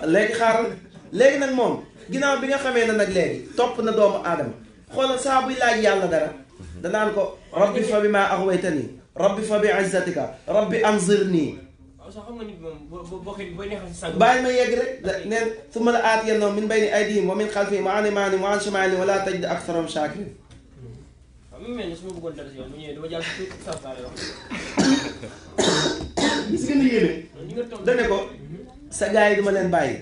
léegi xaaral léegi nag moom ginnaaw bi nga xamee na nag léegi topp na doomu aadama xoolal saa buy laaj yàlla dara danaan ko rabbi fa bi maa axwaytani rabbi fa bi izzatika rabbi anzirni bàyyi ma yegg rek neen summa la aatiyannahum min bayni aydihim wa min xalfihim wa an imaanihim wa an shimaa'ilihim wa laa tajidu aktharahum shaakiriin gis nga ni yéene dane ko sa gars yi duma leen bàyyi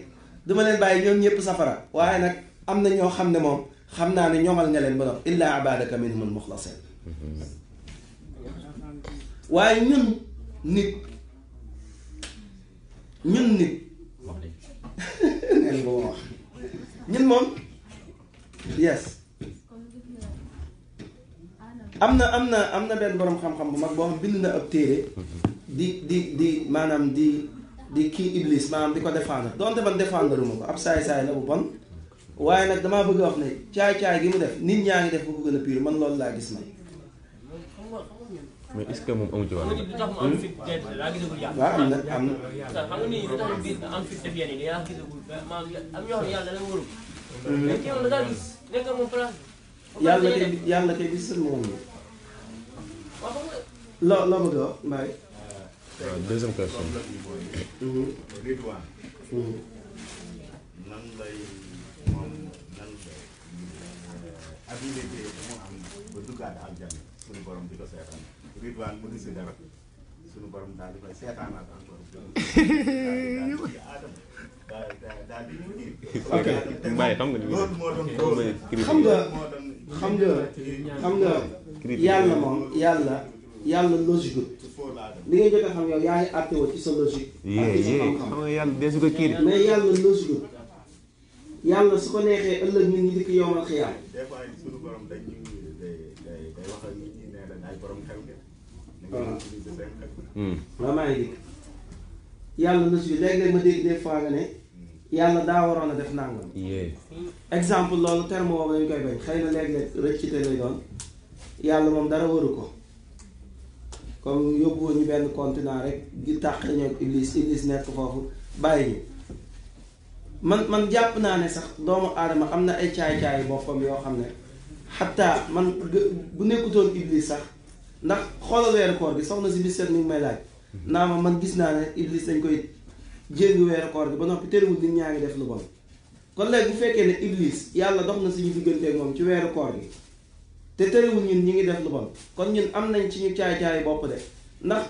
duma leen bàyyi ñoom ñëpp safara waaye nag am na ñoo xam ne moom xam naa ne ñoŋal nga leen ba dox illa abadaka minhum al muxlasin waaye ñun nit ñun nit neen ko wax ñun moom yes am na am na am na benn boroom xam-xam bu mag boo xam bind na ab téere di di di maanaam di di kii Iblis maanaam di ko défendre donte man défendre ma ko ab saay-saay la bu bon waaye nag damaa bëgg a wax ne caay-caay gi mu def nit ñaa ngi def ba ko gën a pire man loolu laa gis man. mais moom ci wàllu. waaw am na am na. yàlla kay yàlla kay gis seen moom la. loo loo bëgg a wax Mbaye. waaw deuxième question. Ridwan. nan lay moom nan habilité bu mu am ba duggaat aljana suñu borom di ko seetaan Ridwan mu gis dara suñu borom daal di koy seetaanaat encore. daal di ñu bàyyi xam nga li muy xam nga xam nga xam nga yàlla moom yàlla yàlla logique li ngay jot a xam yow yaa ci sa logique. ak ci sa xam nga yàlla desu ko kii de. mais yàlla logique yàlla su ko neexee ëllëg nit ñi di ko yomal xiyaam. des fois suñu borom day day day wax ah. hmm. ma dégg des nga ne yàlla daa waroon a def nangam. exemple loolu terme boobu lañ koy bañ xëy na léeg-léeg rëccite doon yàlla moom dara waru ko. comme yóbbuwoon ñu benn continent rek gi tàq ñoom iblis iblis nekk foofu bàyyi ñu man man jàpp naa ne sax doomu aadama am na ay caay-caayu boppam yoo xam ne xataa man bu nekkutoon iblis sax ndax xoolal weeru koor bi soxna si bis seet mi may laaj mhm. naa ma man gis naa ne iblis dañ koy jéngu weeru koor bi ba noppi terewul ni ñaa ngi def lu bon kon bu fekkee ne iblis yàlla dox na suñu digganteeg moom ci weeru koor bi te tëriwul ñun ñi ngi def lu bon kon ñun am nañ ci ñu caay-caay bopp de ndax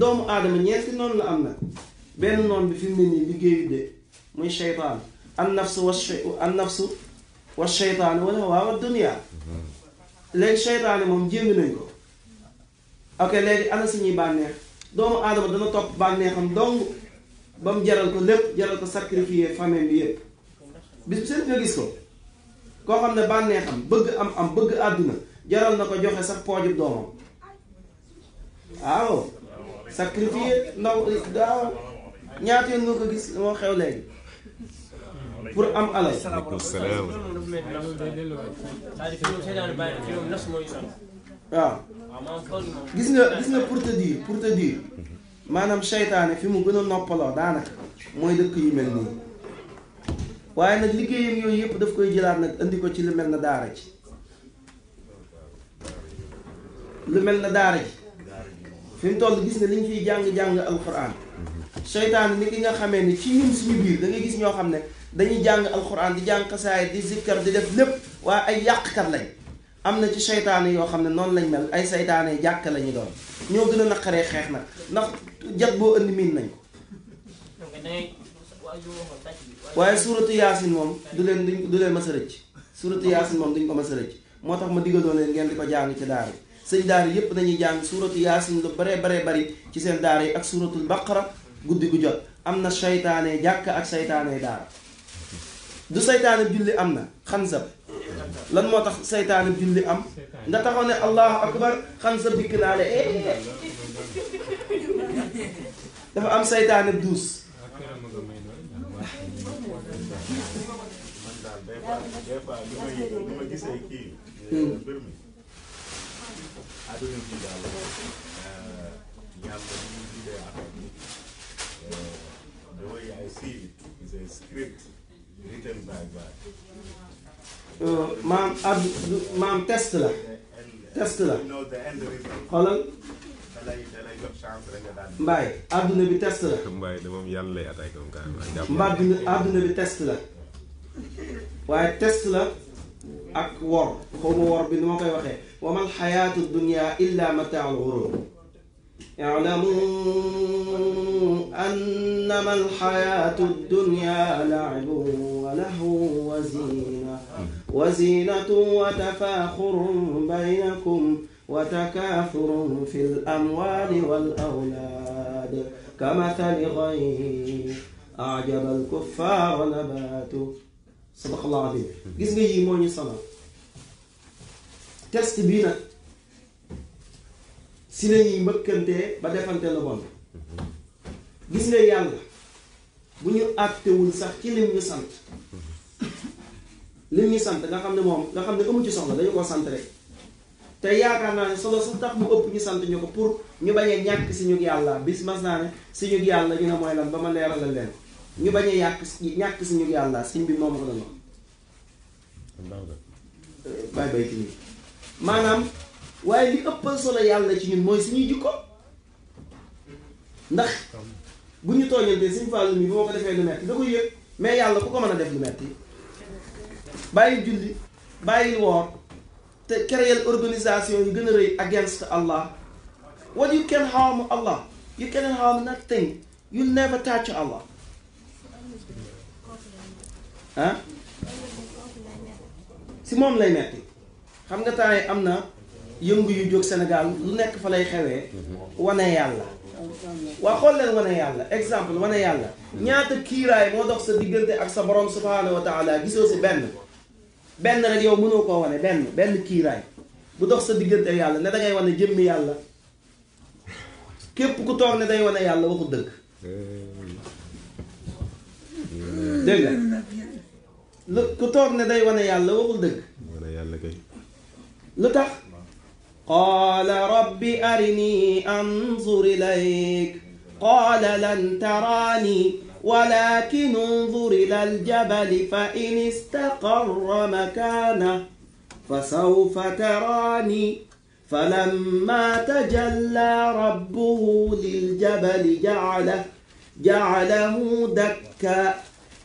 doomu aadama ñeenti noonu la am na benn noon bi fi mu ne nii liggéeyu de muy shaytaan an nafsu wa an nafsu wa shaytaan wala waaw moom jéng nañ ko ok léegi ana suñuy bànneex doomu aadama dana topp bànneexam dong ba mu jaral ko lépp jaral ko sacrifier famille bi yépp seen nga gis ko koo xam ne bànneexam bëgg am am bëgg àdduna jaral na ko joxe sax poojub doomam waaw sacrifice ndaw daaw ñaata yoon ko gis moo xew léegi pour am alal waaw gis nga gis nga pour te pour te dire maanaam seytaane fi mu gën a noppaloo daanaka mooy dëkk yu mel nii waaye nag liggéeyam yooyu yëpp daf koy jëlaat nag indi ko ci lu mel na daara ci lu mel na daara ji fi mu toll gis nga li ñu fiy jàng-jàng alxuraan seytaan ni ki nga xamee ni ci ñun suñu biir da ngay gis ñoo xam ne dañuy jàng alxuraan di jàng xasaay di zikkar di def lépp waaye ay yàqkat lañ am na ci seytaane yoo xam ne noonu lañ mel ay seytaane jàkk la ñu doon ñoo gën a naqaree xeex nag ndax jat boo indi miin nañ ko waaye suuratu yaasin moom du leen duñ du leen mas a rëcc suuratu yaasin moom duñ ko mas a moo tax ma digaloon leen di ko jàng ci daara sëñ daara yépp dañuy jàng suuratu yaasin lu bare bare bari ci seen daara yi ak suuratul baqara guddi gu jot am na saytaane jàkk ak saytaane daara du saytaane julli am na xansab lan moo tax saytaane julli am nga taxaw ne allahu akbar xansab dikk naa la eh dafa am saytaane duus man daal des fois des fois li may li ma gisee kii mbir mi première bi daal maam ab maam test la. test la xoolal. mbaay àdduna bi test la. mbaay de moom yàlla أكبر wor xumu wor وخير وما الحياة الدنيا إلا متاع الغرور اعلموا أنما الحياة الدنيا لعب ولهو وزينة وزينة وتفاخر بينكم وتكاثر في الأموال والأولاد كمثل غيث أعجب الكفار نباته sadaqallahu aziim gis nga yii moo ñu solo test bii nag si la ñuy mbëkkantee ba defante lu bon gis nga yàlla bu ñu àttewul sax ci lim ñu sant lim ñu sant nga xam ne moom nga xam ne amu ci solo dañu ko sant rek te yaakaar naa ne solo su tax mu ëpp ñu sant ñu ko pour ñu bañ a ñàkk si ñu yàlla bis mas naa ne si ñu yàlla ñu ne mooy la ba ma leeral leeralal leen ñu bañ a yàq ñàkk suñu yàlla sëñ bi moom ko doon bay bay ki nii maanaam waaye li ëppal solo yàlla ci ñun mooy suñuy jikko ndax bu ñu tooñantee suñ fàllu mi bu ma ko defee lu metti da ko yëg mais yàlla ku ko mën def lu metti bàyyi julli bàyyi woor te créer organisation yu gën a against Allah what you can harm Allah you can harm nothing you never touch Allah ah si moom lay metti xam nga temps am na yëngu yu jóg senegal lu nekk fa lay xewee mm-hmm. wane yàlla waa xool leen wane yàlla exemple wane yàlla mm-hmm. ñaata kiiraay moo dox sa diggante ak sa borom subhaanahu wa taala gisoo si benn benn rek yow mënoo koo wane benn benn kiiraay bu dox sa diggante yàlla ne da ngay wane jëmmi yàlla képp ku toog ne day wane yàlla waxu dëgg eh. dégg كتور ندي وانا يالا وغلدك وانا يالا كي لتح قال ربي أرني أنظر إليك قال لن تراني ولكن انظر إلى الجبل فإن استقر مكانه فسوف تراني فلما تجلى ربه للجبل جعله جعله دكا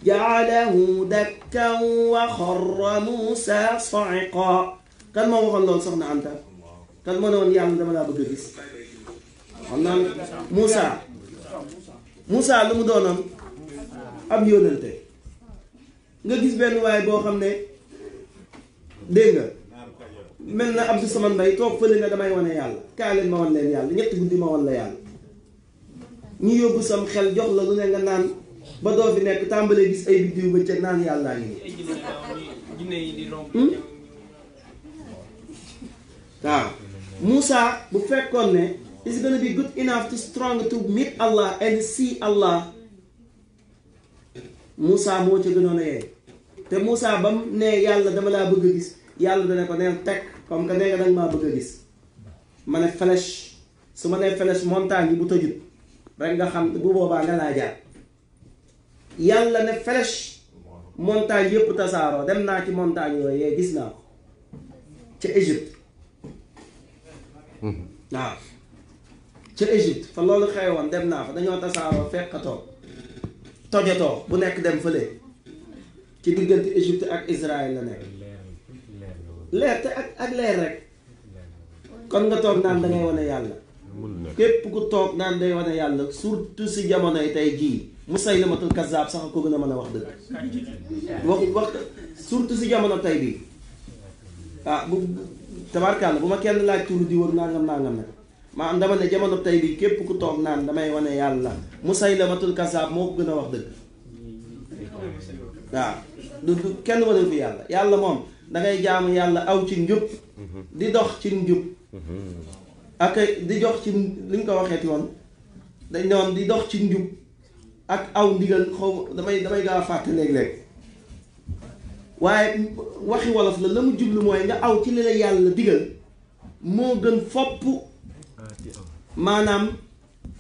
jaalahu dakkan wa xarra Muusa sa'iqa kan moo waxoon loolu soxna Anta kan moo ne woon yàlla dama laa bëgg a gis xam naa Muusa Muusa lu mu doonoon am yónnante nga gis benn waay boo xam ne dégg mel na Abdou Samane Mbaye toog fële na damay wane yàlla kaa ma wan leen yàlla ñetti guddi ma wan la yàlla ñu yóbbu sam xel jox la lu ne nga naan ba doo bi nekk tàmbalee gis ay biddiw ba ca naan yàllaa ngi nii hmm? waaw Musa bu fekkoon ne is gonna be good enough to strong to meet Allah and see Allah Musa moo ca gënoon a yee te Musa ba mu nee yàlla dama laa bëgg a gis yàlla dana ko neen teg comme que nee nga danga maa bëgg a gis ma ne flèche su ma nee flèche montagne yi bu tëjut rek nga xam bu boobaa nga laa jaar yàlla ne flèche montagne yëpp tasaaroo dem naa ci montagne yooyu yee gis naa ko ca Égypte waaw ca Égypte fa loolu xewoon dem naa fa dañoo tasaaroo fekkatoo tojatoo bu nekk dem fële ci diggante Égypte ak Israël la nekk leer te ak ak leer rek kon nga toog naan da ngay wane yàlla képp ku toog naan day wane yàlla surtout si jamonoy tey jii mu Musaylamatul Kazzaab sax ko gën a mën a wax dëgg wax wax surtout si jamono tay bii ah bu tabarkàlla bu ma kenn laaj tuuru di wër nangam nangam nag maanaam dama ne jamono tay bii képp ku toog naan damay wane yàlla Musaylamatul Kazzaab moo gën a wax dëgg waaw ah, du du kenn wane fi yàlla yàlla moom dangay jaamu yàlla aw ci njub di dox ci njub ak di dox ci li ñu ko waxeeti woon dañ ne di dox ci njub ak aw ndigal xaw damay damay gaaw a fàtte léeg-léeg waaye waxi wolof la la mu jublu mooy nga aw ci li la yàlla digal moo gën fopp maanaam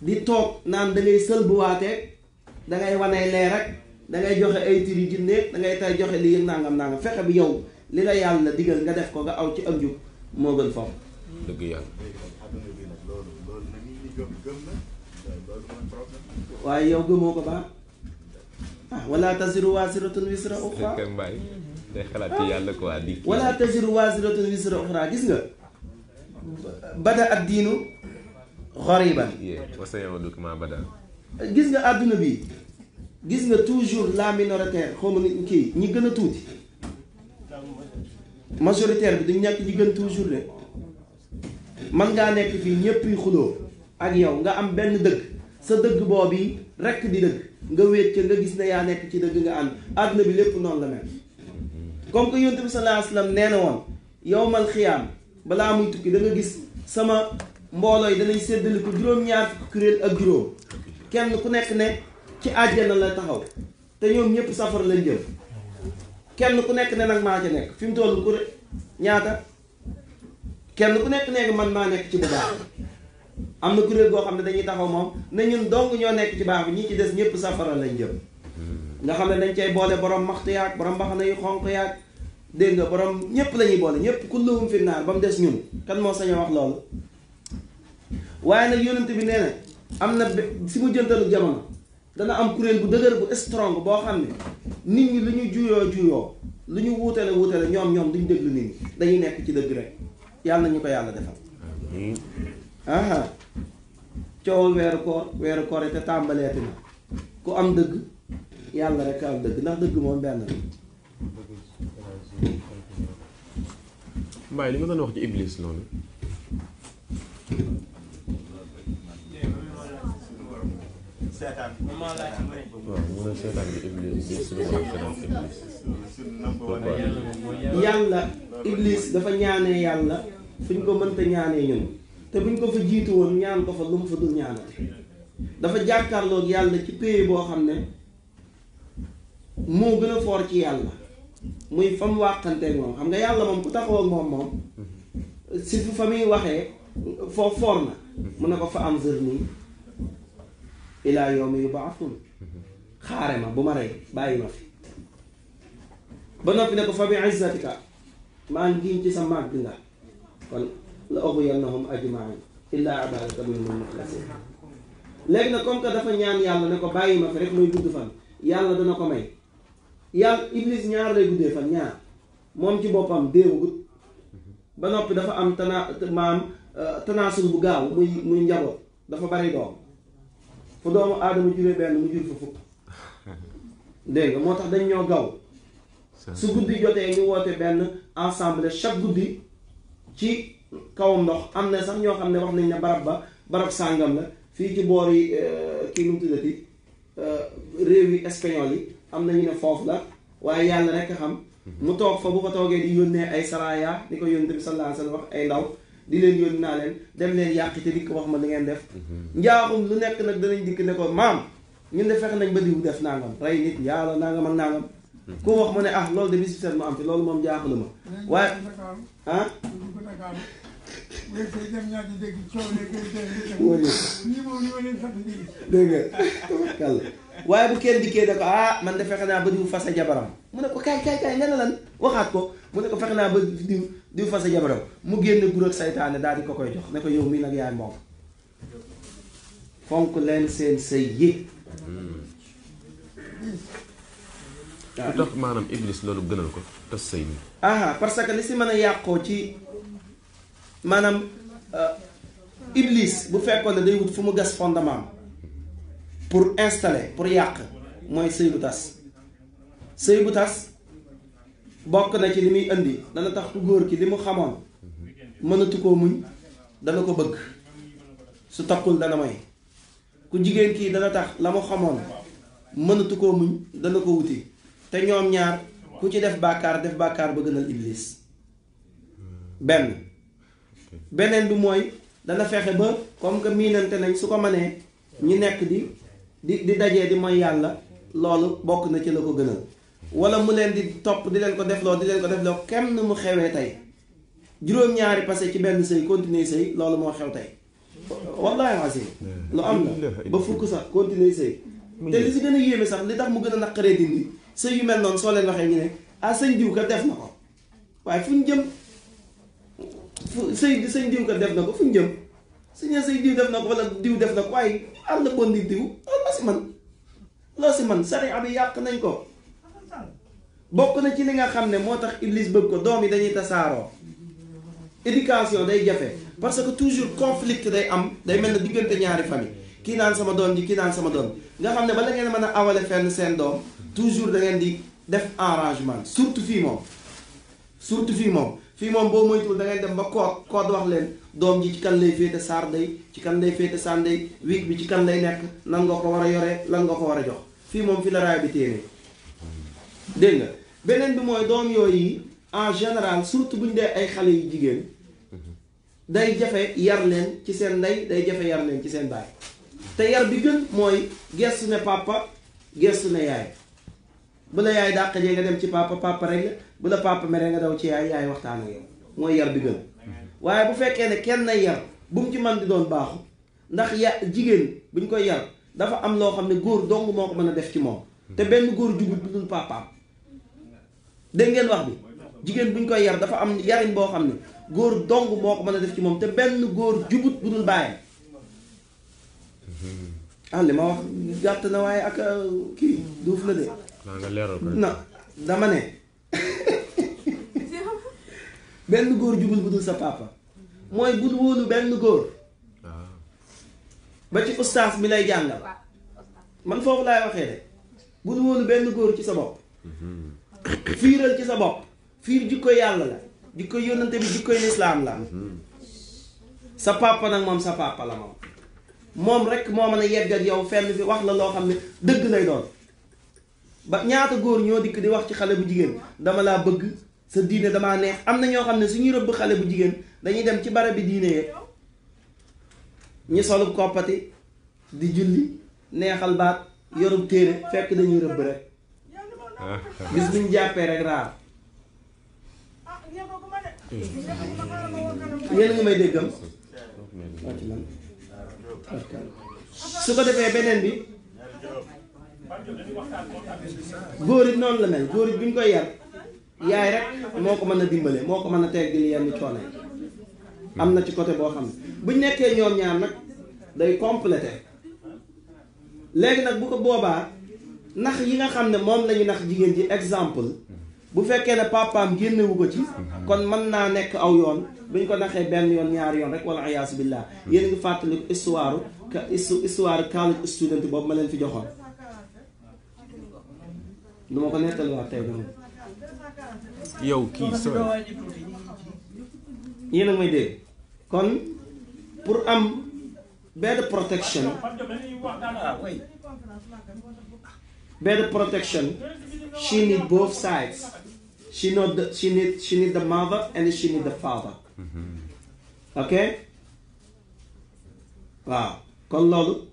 di toog naan da ngay bu da dangay wanee leer rek da joxe ay tiri jinneeg da ngay tay joxe lii nangam nangam fexe bi yow li la yàlla digal nga def ko nga aw ci am jub moo gën fopp. waaye yow gëmoo ko baax ah wala taziru waasiratun wisra uxra day xalaat ci yàlla quoi di wala taziru waasiratun wisra uxra gis nga bada ak diinu xoriban wasayawduka ma bada gis nga àdduna bi gis nga toujours la minoritaire xawma ni kii ñi gën a tuuti majoritaire bi du ñàkk ñi gën toujours de man ngaa nekk fii ñëpp xuloo ak yow nga am benn dëkk sa dëgg boobu rekk di dëgg nga wéet ca nga gis ne yaa nekk ci dëgg nga ànd àdduna bi lépp noonu la mel comme que yonent bi sallallahu alayhi wasallam nee na woon yowmal xiyaam balaa muy tukki da gis sama mbooloo yi danañ séddali ko juróom-ñaar fukki kuréel ak juróom kenn ku nekk ne ci àjjana la taxaw te ñoom ñëpp safar lañ jëm kenn ku nekk ne nag maa ca nekk fi mu toll ku ñaata kenn ku nekk ne man maa nekk ci bu am na kuréel goo xam ne dañuy taxaw moom na ñun dong ñoo nekk ci baax bi ñi ci des ñëpp safara lañ jëm nga xam ne dañ cay boole borom maxtu yaag borom mbaxana yu xonq yaag dégg nga ñëpp la ñuy boole ñëpp kulluhum fi naar ba mu des ñun kenn moo sañoo wax loolu waaye nag yonent bi nee na am na si mu jëntalu jamono dana am kuréel bu dëgër bu strong boo xam ne nit ñi lu ñu juyoo juyoo lu ñu wuutale wuutale ñoom ñoom duñ déglu nit ñi dañuy nekk ci dëgg rek yàlla na ñu ko yàlla defal aha coowal weeru koor weeru koor yi te tàmbaleeti na ku am dëgg yàlla rek am dëgg ndax dëgg moom benn la mbaay li ma doon wax ci iblis noonu waaw mu ne seetaan bi iblis yàlla iblis dafa ñaanee yàlla fuñ ko mënta ñaanee ñun te buñ ko fa jiitu woon ñaan ko fa lu mu fa dul ñaanati dafa jàkkaarloog yàlla ci pays boo xam ne moo gën a foor ci yàlla muy fam wàqanteeg moom xam nga yàlla moom ku taxaw moom moom si fu fa muy waxee foo foor na mu ne ko fa am zër nii ilaa yawmi yub'athun xaare ma bu ma rey bàyyi ma fi ba noppi ne ko fa bi izzatika maa ngi ci sa màgg nga kon la ughwiyannahum ajma'in illaa ibadaka minhumul muxlasin léegi nag comme que dafa ñaan yàlla ne ko bàyyi ma fi rek muy gudd fan yàlla dana ko may yàlla iblis ñaar lay guddee fan ñaar moom ci boppam déewagut ba noppi dafa am tana maam euh, tanaasul bu gaaw muy muy njaboot dafa bari doom fu doomu aadama juree benn mu jur fa fukk dégg nga moo tax dañ ñoo gaw su guddi jotee ñu woote benn ensemble chaque guddi ci kawam ndox am na sax ñoo xam ne wax nañ ne barab ba barab sàngam la fii ci boor yi euh, kii nu mu tuddati euh, réew yi espagnol yi am na ñu ne foofu la waaye yàlla rek xam. mu toog fa bu ko toogee di yónnee ay saraya ni ko yónnee bi sallallahu alayhi wa sallam wax ay ndaw di leen yónni naa leen dem leen yàq te dikk wax ma li ngeen def. Mm-hmm. njaaxum lu nekk nag danañ dikk ne ko maam ñun de fex nañ ba diw def naa nangam rey nit yàlla naa ak nangam. Mm-hmm. ku wax ma ne ah loolu de bis ma am fi loolu moom jaaxlu ma. ma leen sant nii. dégg nga waaye bu kenn dikkee da ko ah man de fexe naa ba diw fasa jabaram mu ne ko kaay kaay kaay nga ne lan waxaat ko mu ne ko fexe naa ba diw diw fasa jabaram mu génn guur ak saytaane daal di ko koy jox ne ko yow mii nag yaay moom fonk leen seen sëy yi. lu tax maanaam iblis loolu gënal ko tas sëy nii. aha parce que li si mën a yàqoo ci. Madame, euh, iblis bu fekkone quoi day wut gas fondement pour installer pour yak, moy c'est bu tas na ci limi dana tax ku qui ki limu xamone muñ dana ko bëgg su dana may ku dana tax la xamone xamoon muñ dana ko wuti te ñaar ku ci def def iblis ben. beneen bi mooy dana fexe ba comme que miinante nañ su ko mënee ñi nekk di di di dajee di mooy yàlla loolu bokk na ci la ko gënal wala mu leen di topp di leen ko defloo di leen ko defloo kenn mu xewee tey juróom-ñaari passé ci benn sëy continuer sëy loolu moo xew tey wallaahi si lu am la ba fukk sax continuer sëy te li si gën a yéeme sax li tax mu gën a naqaree dindi sëy yu mel noonu soo leen waxee ñu ne ah sëñ diw ka def na ko waaye fu ñu fu sëy sëñ diw ko def na ko fu ñu jëm sëñ sëy diw def na ko wala diw def na ko waaye am na bon di diw loo si man loo si man sariya bi yàq nañ ko bokk na ci li nga xam ne moo tax Iblis bëgg ko doom yi dañuy tasaaroo éducation day jafe parce que toujours conflict day am day mel ne diggante ñaari fan famille kii naan sama doom yi kii naan sama doom nga xam ne bala ngeen mën a awale fenn seen doom toujours da ngeen di def arrangement surtout fii moom surtout fii moom. fii moom boo moytuwul da ngay dem ba koot koot wax leen doom ji ci kan lay féete saar day ci kan lay féete sànday bi ci kan lay nekk nan nga ko war a yore lan nga ko war a jox fii moom fi la raay bi téeree dégg nga beneen bi mooy doom yooyu en général surtout bu ñu dee ay xale yu jigéen day jafe yar leen ci seen ndey day jafe yar leen ci seen baay te yar bi gën mooy gestu ne papa gestu ne yaay bu la yaay dàqajee nga dem ci papa papa rek la bu la papa mere nga daw ci yaay yaay waxtaan ak yow mooy yar bi gën waaye bu fekkee ne kenn na yar bu mu ci man di doon baaxu ndax ya jigéen bu ñu koy yar dafa am loo xam ne góor dong moo ko mën a def ci moom te benn góor jugut bu dégg ngeen wax bi jigéen buñ koy yar dafa am yariñ boo xam ne góor dong moo ko mën a def ci moom te benn góor jubut bu dul bàyyam mm-hmm. ah li ma wax gàtt na waaye ak euh, kii duuf la de naa nga leeral ko non dama ne benn góor jubul bu dul sa papa mooy bul wóolu benn góor ah. ba ci ustaas bi lay jàngal man foofu laay waxee de bul wóolu benn góor ci sa bopp mhm. fiiral ci sa bopp fiir jikko yàlla la jikko yónnante bi jikkoy lislaam la mhm. sa papa nag moom sa papa la moom moom rek moo mën a yegg yow fenn fi wax la loo xam ne dëgg lay doon ba ñaata góor ñoo dikk di wax ci xale bu jigéen dama laa bëgg sa diine damaa neex am na ñoo xam ne suñuy rëbb xale bu jigéen dañuy dem ci barab bi diine ye ñi solub koppati di julli neexal baat yorub téere fekk dañuy rëbb rek bis buñ jàppee rek raar yéen ngi may déggam su ko defee beneen bi góor it noonu la mel góor it bi ñu koy yar yaay rek moo ko mën a dimbale moo ko mën a teggil yenn coono am na ci côté boo xam ne buñ nekkee ñoom ñaar nag day complété léegi nag bu ko boobaa nax yi nga xam ne moom lañu nax jigéen ji exemple bu fekkee ne papaam génnewu ko ci kon mën naa nekk aw yoon buñ ko naxee benn yoon ñaari yoon rek wala ayaasu billah yéen ngi fàttaliku histoire ka histoire college student boobu ma leen fi joxoon duma ko nettali waat tey dama yow kii sooy yéen a ngi may dégg kon am benn protection Bad protection she need both sides she not the, she need she need the mother and she need the father mm-hmm. ok Wow. Con loolu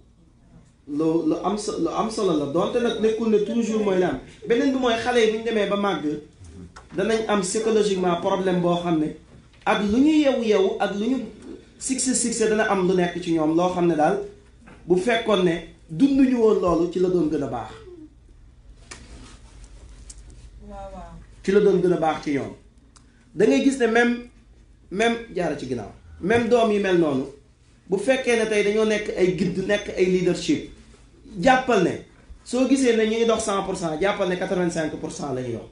lu lu am lu am solo la donte nag nekkul ne toujours mooy la am beneen bi mooy xale yi bu ñu demee ba màgg danañ am psychologiquement problème boo xam ne ak lu ñu yew yewu ak lu ñu succès succès dana am lu nekk ci ñoom loo xam ne daal bu fekkoon ne dunduñu woon loolu ci la doon gën a baax. ci la doon gën a baax ci ñoom da ngay gis ne même même jaara ci ginnaaw même doom yi mel noonu bu fekkee ne tey dañoo nekk ay guide nekk ay leadership. jàppal ne soo gisee ne ñu ngi dox cent pour cent jàppal ne 85 pour cent la ñuy dox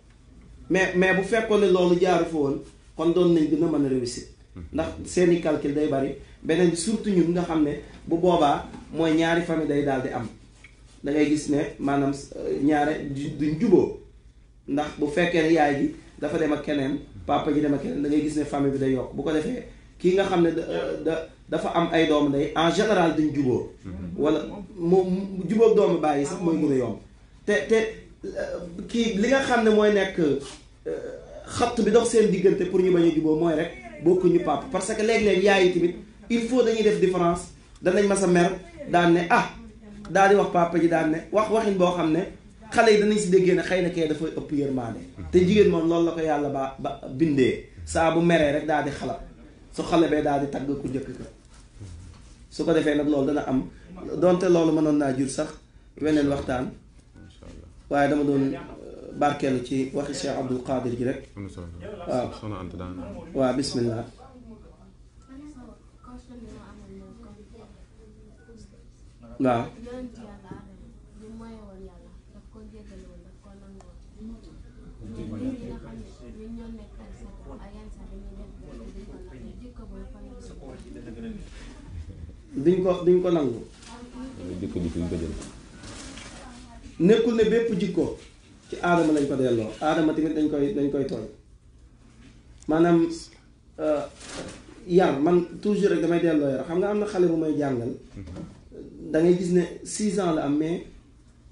mais mais bu fekkoon ne loolu jaaru fa woon kon doon nañ gën a mën a réussir. ndax seeni calcul day bari beneen bi surtout ñun nga xam ne bu boobaa mooy ñaari famille day daal di am da ngay gis ne maanaam euh, ñaare duñ juboo ndax bu fekkee ne yaay ji dafa dem ak keneen papa ji dem a keneen da ngay gis ne famille bi day yokk bu ko defee kii nga xam ne da dafa am ay doom day en général duñ juboo mm-hmm. moom jubóog doomu bàyyi sax mooy gën a yomb te te euh, kii li nga xam ne mooy nekk euh, xatt bi dox seen diggante pour ñu bañ a mooy rek bokkuñu papa parce que léeg-léeg yaay yi tamit il faut dañuy def différence danañ mas a mer daan ne ah daal di wax papa ji daan ne wax waxin boo xam ne xale yi danañ si déggee ne xëy na kay dafay ëpp yërmaande te jigéen moom loolu la ko yàlla ba ba bindee saa bu meree rek daal di xalaat su xale bee daal di tagg ku njëkk ko defee nag loolu dana am donte loolu mënoon naa jur sax weneen waxtaan waaye dama doon euh, barkeelu ci waxi Cheikh Abdul Qadir ji rek waaw waaw bismillah waaw ko nangu jikko ji fi ñu ko nekkul ne bépp jikko ci aadama lañ ko delloo aadama tamit dañ koy dañ koy tooñ maanaam uh, yar man toujours rek damay delloo yar xam nga am na xale bu may jàngal mm-hmm. da ngay gis ne six ans la am mais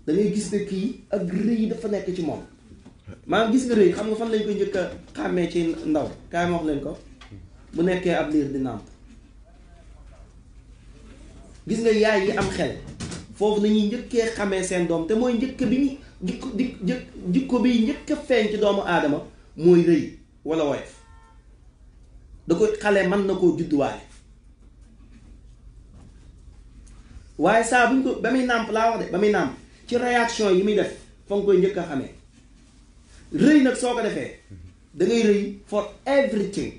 da gis ne kii ak rëy dafa nekk ci moom maanaam gis nga rëy xam nga fan lañ koy njëkk a xàmmee ci ndaw kaay ma wax leen ko bu nekkee ab liir di nàmp gis nga yaay yi am xel foofu nañuy njëkkee xame seen doom te mooy njëkk bi ñu jikko jik jikko bi njëkk a feeñ ci doomu aadama mooy rëy wala woyof da koy xale mën na koo judduwaale waaye saa buñ ko ba muy nàmp laa wax de ba muy nàmp ci réaction yi muy def fa nga koy njëkk a xamee rëy nag soo ko defee dangay rëy for everything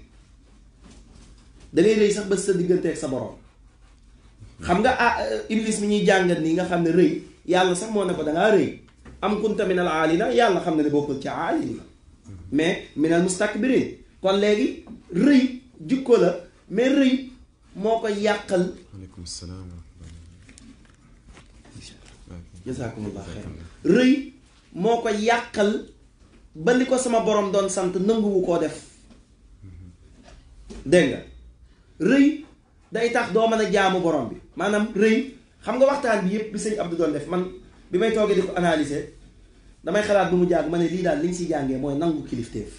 da ngay rëy sax ba sa diggante ak sa borom xam nga ah euh, iblis mi ñuy jàngat nii nga xam ne rëy yàlla sax moo ne ko dangaa rëy am kunta minal aalina yàlla xam ne ne bokkul ci aalina mais minal mustakbirin kon léegi rëy jikko la mais rëy moo ko yàqal aleykum salaam jasakumullah xeyr rëy ko yàqal ba li ko sama borom doon sant nanguwu koo def mhm. dégg nga rëy day tax doo man a jaamu borom bi manam reuy xam nga waxtaan bi yëpp bi sëñ Abdou doon def man bi may toogee di ko analyser damay xalaat bu mu jàng ma ne lii daal li ñu si jàngee mooy nangu kilifteef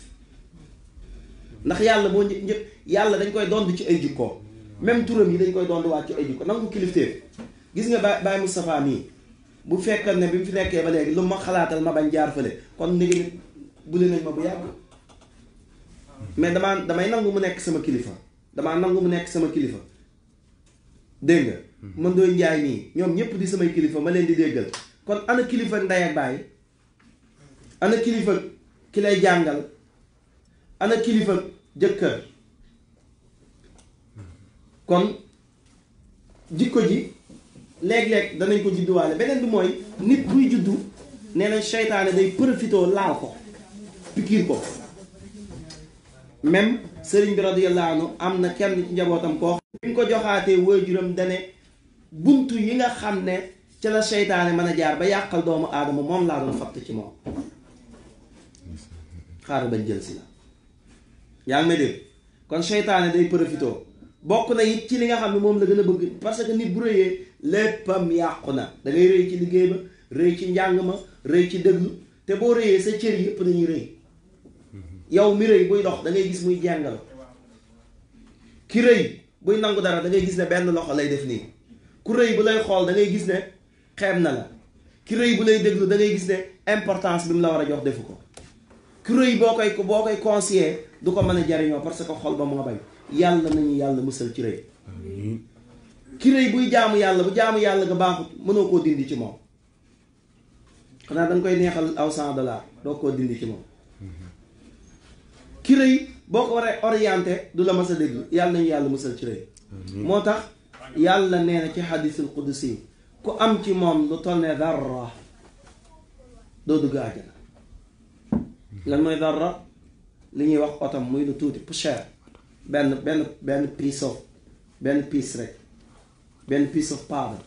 ndax yàlla boo ñëpp yàlla dañ koy dond ci ay jikko même turam yi dañ koy dond waat ci ay jikko nangu kilifteef gis nga Baye Baye Moustapha mii bu fekkoon ne bi mu fi nekkee ba léegi lu ma xalaatal ma bañ jaar fële kon léegi nit bu nañ ma bu yàgg mais dama damay nangu mu nekk sama kilifa dama nangu mu nekk sama kilifa. dégg nga. mën dooy njaay nii ñoom ñëpp di samay kilifa ma leen di déggal kon ana kilifa nday ak baay ana kilifa ki lay jàngal ana kilifa jëkkër kon jikko ji léeg-léeg danañ ko judduwaale beneen bi mooy nit kuy juddu nee nañ seytaane day profitoo laal ko pikiir ko même sëriñ bi radiyallahu am na kenn ci njabootam koo bi ñu ko joxaatee waajuram dane bunt yi nga xam ne ca la seytaane mën a jaar ba yàqal doomu aadama moom laa doon fatt ci moom xaaral bañ jël si la yaa ngi may kon seytaane day profitoo bokk na yit ci li nga xam ne moom la gën a bëgg parce que nit bu rëyee léppam yàqu na da ngay rëy ci liggéey ba rëy ci njàng ma rëy ci dëglu te boo rëyee sa cër yëpp dañuy rëy yow mi rëy buy dox da ngay gis muy jàngal ki rëy buy nangu dara da gis ne benn loxo lay def nii ku rëy bu lay xool da ngay gis ne xeeb na la ki rëy bu lay dëgg da ngay gis ne importance bi mu la war a jox defu ko ki rëy boo koy boo koy conseiller du ko mën a jariñoo parce que xol ba moo bañ yàlla nañu yàlla musal ci rëy ki rëy buy jaamu yàlla bu jaamu yàlla nga baaxut mënoo koo dindi ci moom xanaa da nga koy neexal aw cent dollars doo koo dindi ci moom ki rëy boo ko waree orienté du la mas a déglu yàlla nañu yàlla musal ci rëy moo tax yàlla nee ci xadiisul qudsi ku am ci moom lu toll ne dara doo dugg àjjana lan mooy dara li ñuy wax otom muy lu tuuti poussière benn benn benn piece of benn piece rek benn piece of powder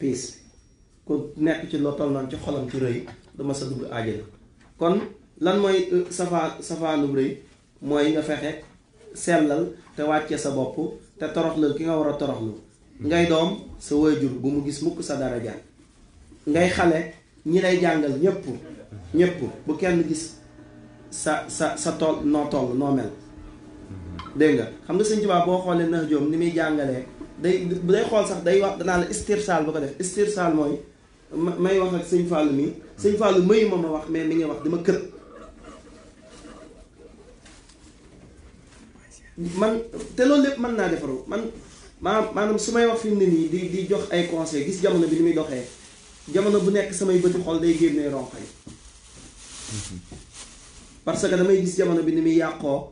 piece ku nekk ci loo toll noonu ci xolam ci rëy du mas a dugg àjjana kon lan mooy euh, safaan safaanu rëy mooy nga fexe sellal te wàcce sa bopp te toroxlal ki nga war a toroxlu ngay doom sa waajur bu mu gis mukk sa daraja ngay xale ñi lay jàngal ñëpp ñëpp bu kenn gis sa sa sa tool noo toll noo mel dégg nga xam nga sëñ Tuubaa boo xoolee nax joom ni muy jàngalee day day xool sax day wax danaa la istirsaal ba ko def istirsaal mooy ma may wax ak sëñ Fallou mi sëñ Fallou mayu ma ma wax mais mi ngay wax dama kët man te loolu lépp mën naa defaru man maa maanaam su may wax fi mu ne nii di di jox ay conseil gis jamono bi ni muy doxee jamono bu nekk samay bëti xol day génnee ronqañ parce que damay gis jamono bi ni muy yàqoo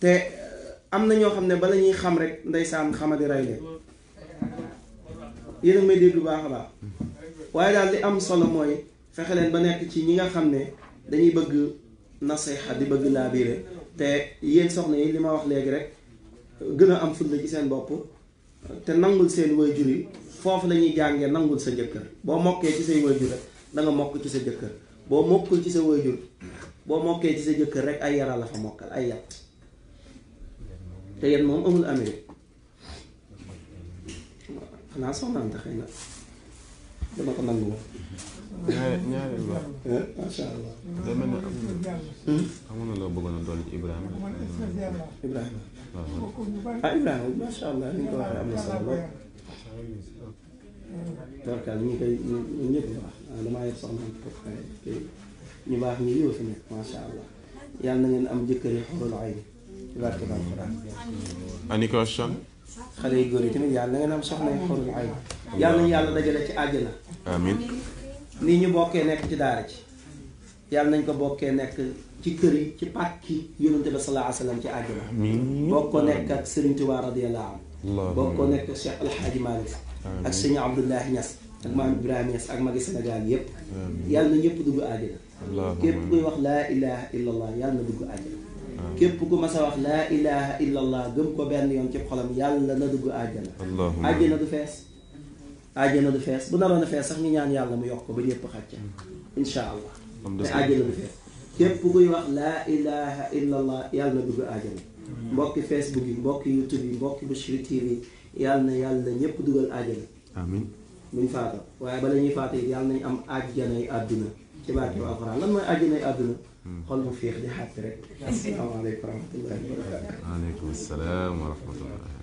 te euh, am na ñoo xam ne bala ñuy xam rek ndeysaan xamadi ray leen yéen may dégg lu baax a baax waaye daal li am solo mooy fexe leen ba nekk ci ñi nga xam ne dañuy bëgg nasiha di bëgg laa biire te yéen soxna yi li ma wax léegi rek gën a am fulla ci seen bopp te nangul seen waajur yi foofu la ñuy jàngee nangul sa jëkkër boo mokkee ci say waajur rek mokk ci sa jëkkër boo mokkul ci sa waajur boo mokkee ci sa jëkkër rek ay yara la fa mokkal ay yat te yéen moom amul Amérique xanaa soxnaante xëy dama ko nangu woon ñaare ñaare bi baax. Eh, macha allah. day mel ne am na. xam hmm? nga bëggoon a dolli ci Ibrahima. Ibrahima. waaw ah Ibrahima macha allah ni nga ko waxee am na solo lool. Dorkaal ñu ngi koy ñun baax ah damaa yor soxna te ñu baax ñu yow fi na ngeen am jëkkër yi xoolal ay ci barke alxuraan. ani ko yu góor yi tamit yàlla na ngeen am soxna yi xoolal ay yàlla na yàlla dajale ci àjjana. amiin. ni ñu bokkee nekk ci daara ci yàlla nañ ko bokkee nekk ci kër ci pàkki yonente bi sallallahu alayhi wa sallam ci àjjana bokk ko nekk ak Serigne Touba radiyallahu anhu bokk ko nekk Cheikh Alhaaji Malick ak Serigne Abdoulahi Niass ak maam Ibrahima Niass ak magi Sénégal yépp yàlla na ñëpp dugg àjjana képp kuy wax laa ilaha illa allah yàlla na dugg àjjana képp ku mas a wax laa ilaha illa allah gëm ko benn yoon ci xolam yàlla na dugg àjjana àjjana du fees àjjana du fees bu naroon a fees sax ñu ñaan yàlla mu yokk ko ba ñëpp xaj ca insha allah te àjjana du fees képp kuy wax laa ilaha illa allah yàlla na dugg àjjana mbokki facebook yi mbokki youtube yi mbokki Bichri TV yi yàlla na yàlla ñëpp dugal àjjana amiin buñ faata waaye bala ñuy faata it yàlla nañ am àjjanay àdduna ci barke waa Alxuraan lan mooy àjjanay àdduna xol mu féex di xàtt rek asalaamaaleykum wa rahmatullahi wa barakatu waaleykum salaam wa rahmatullah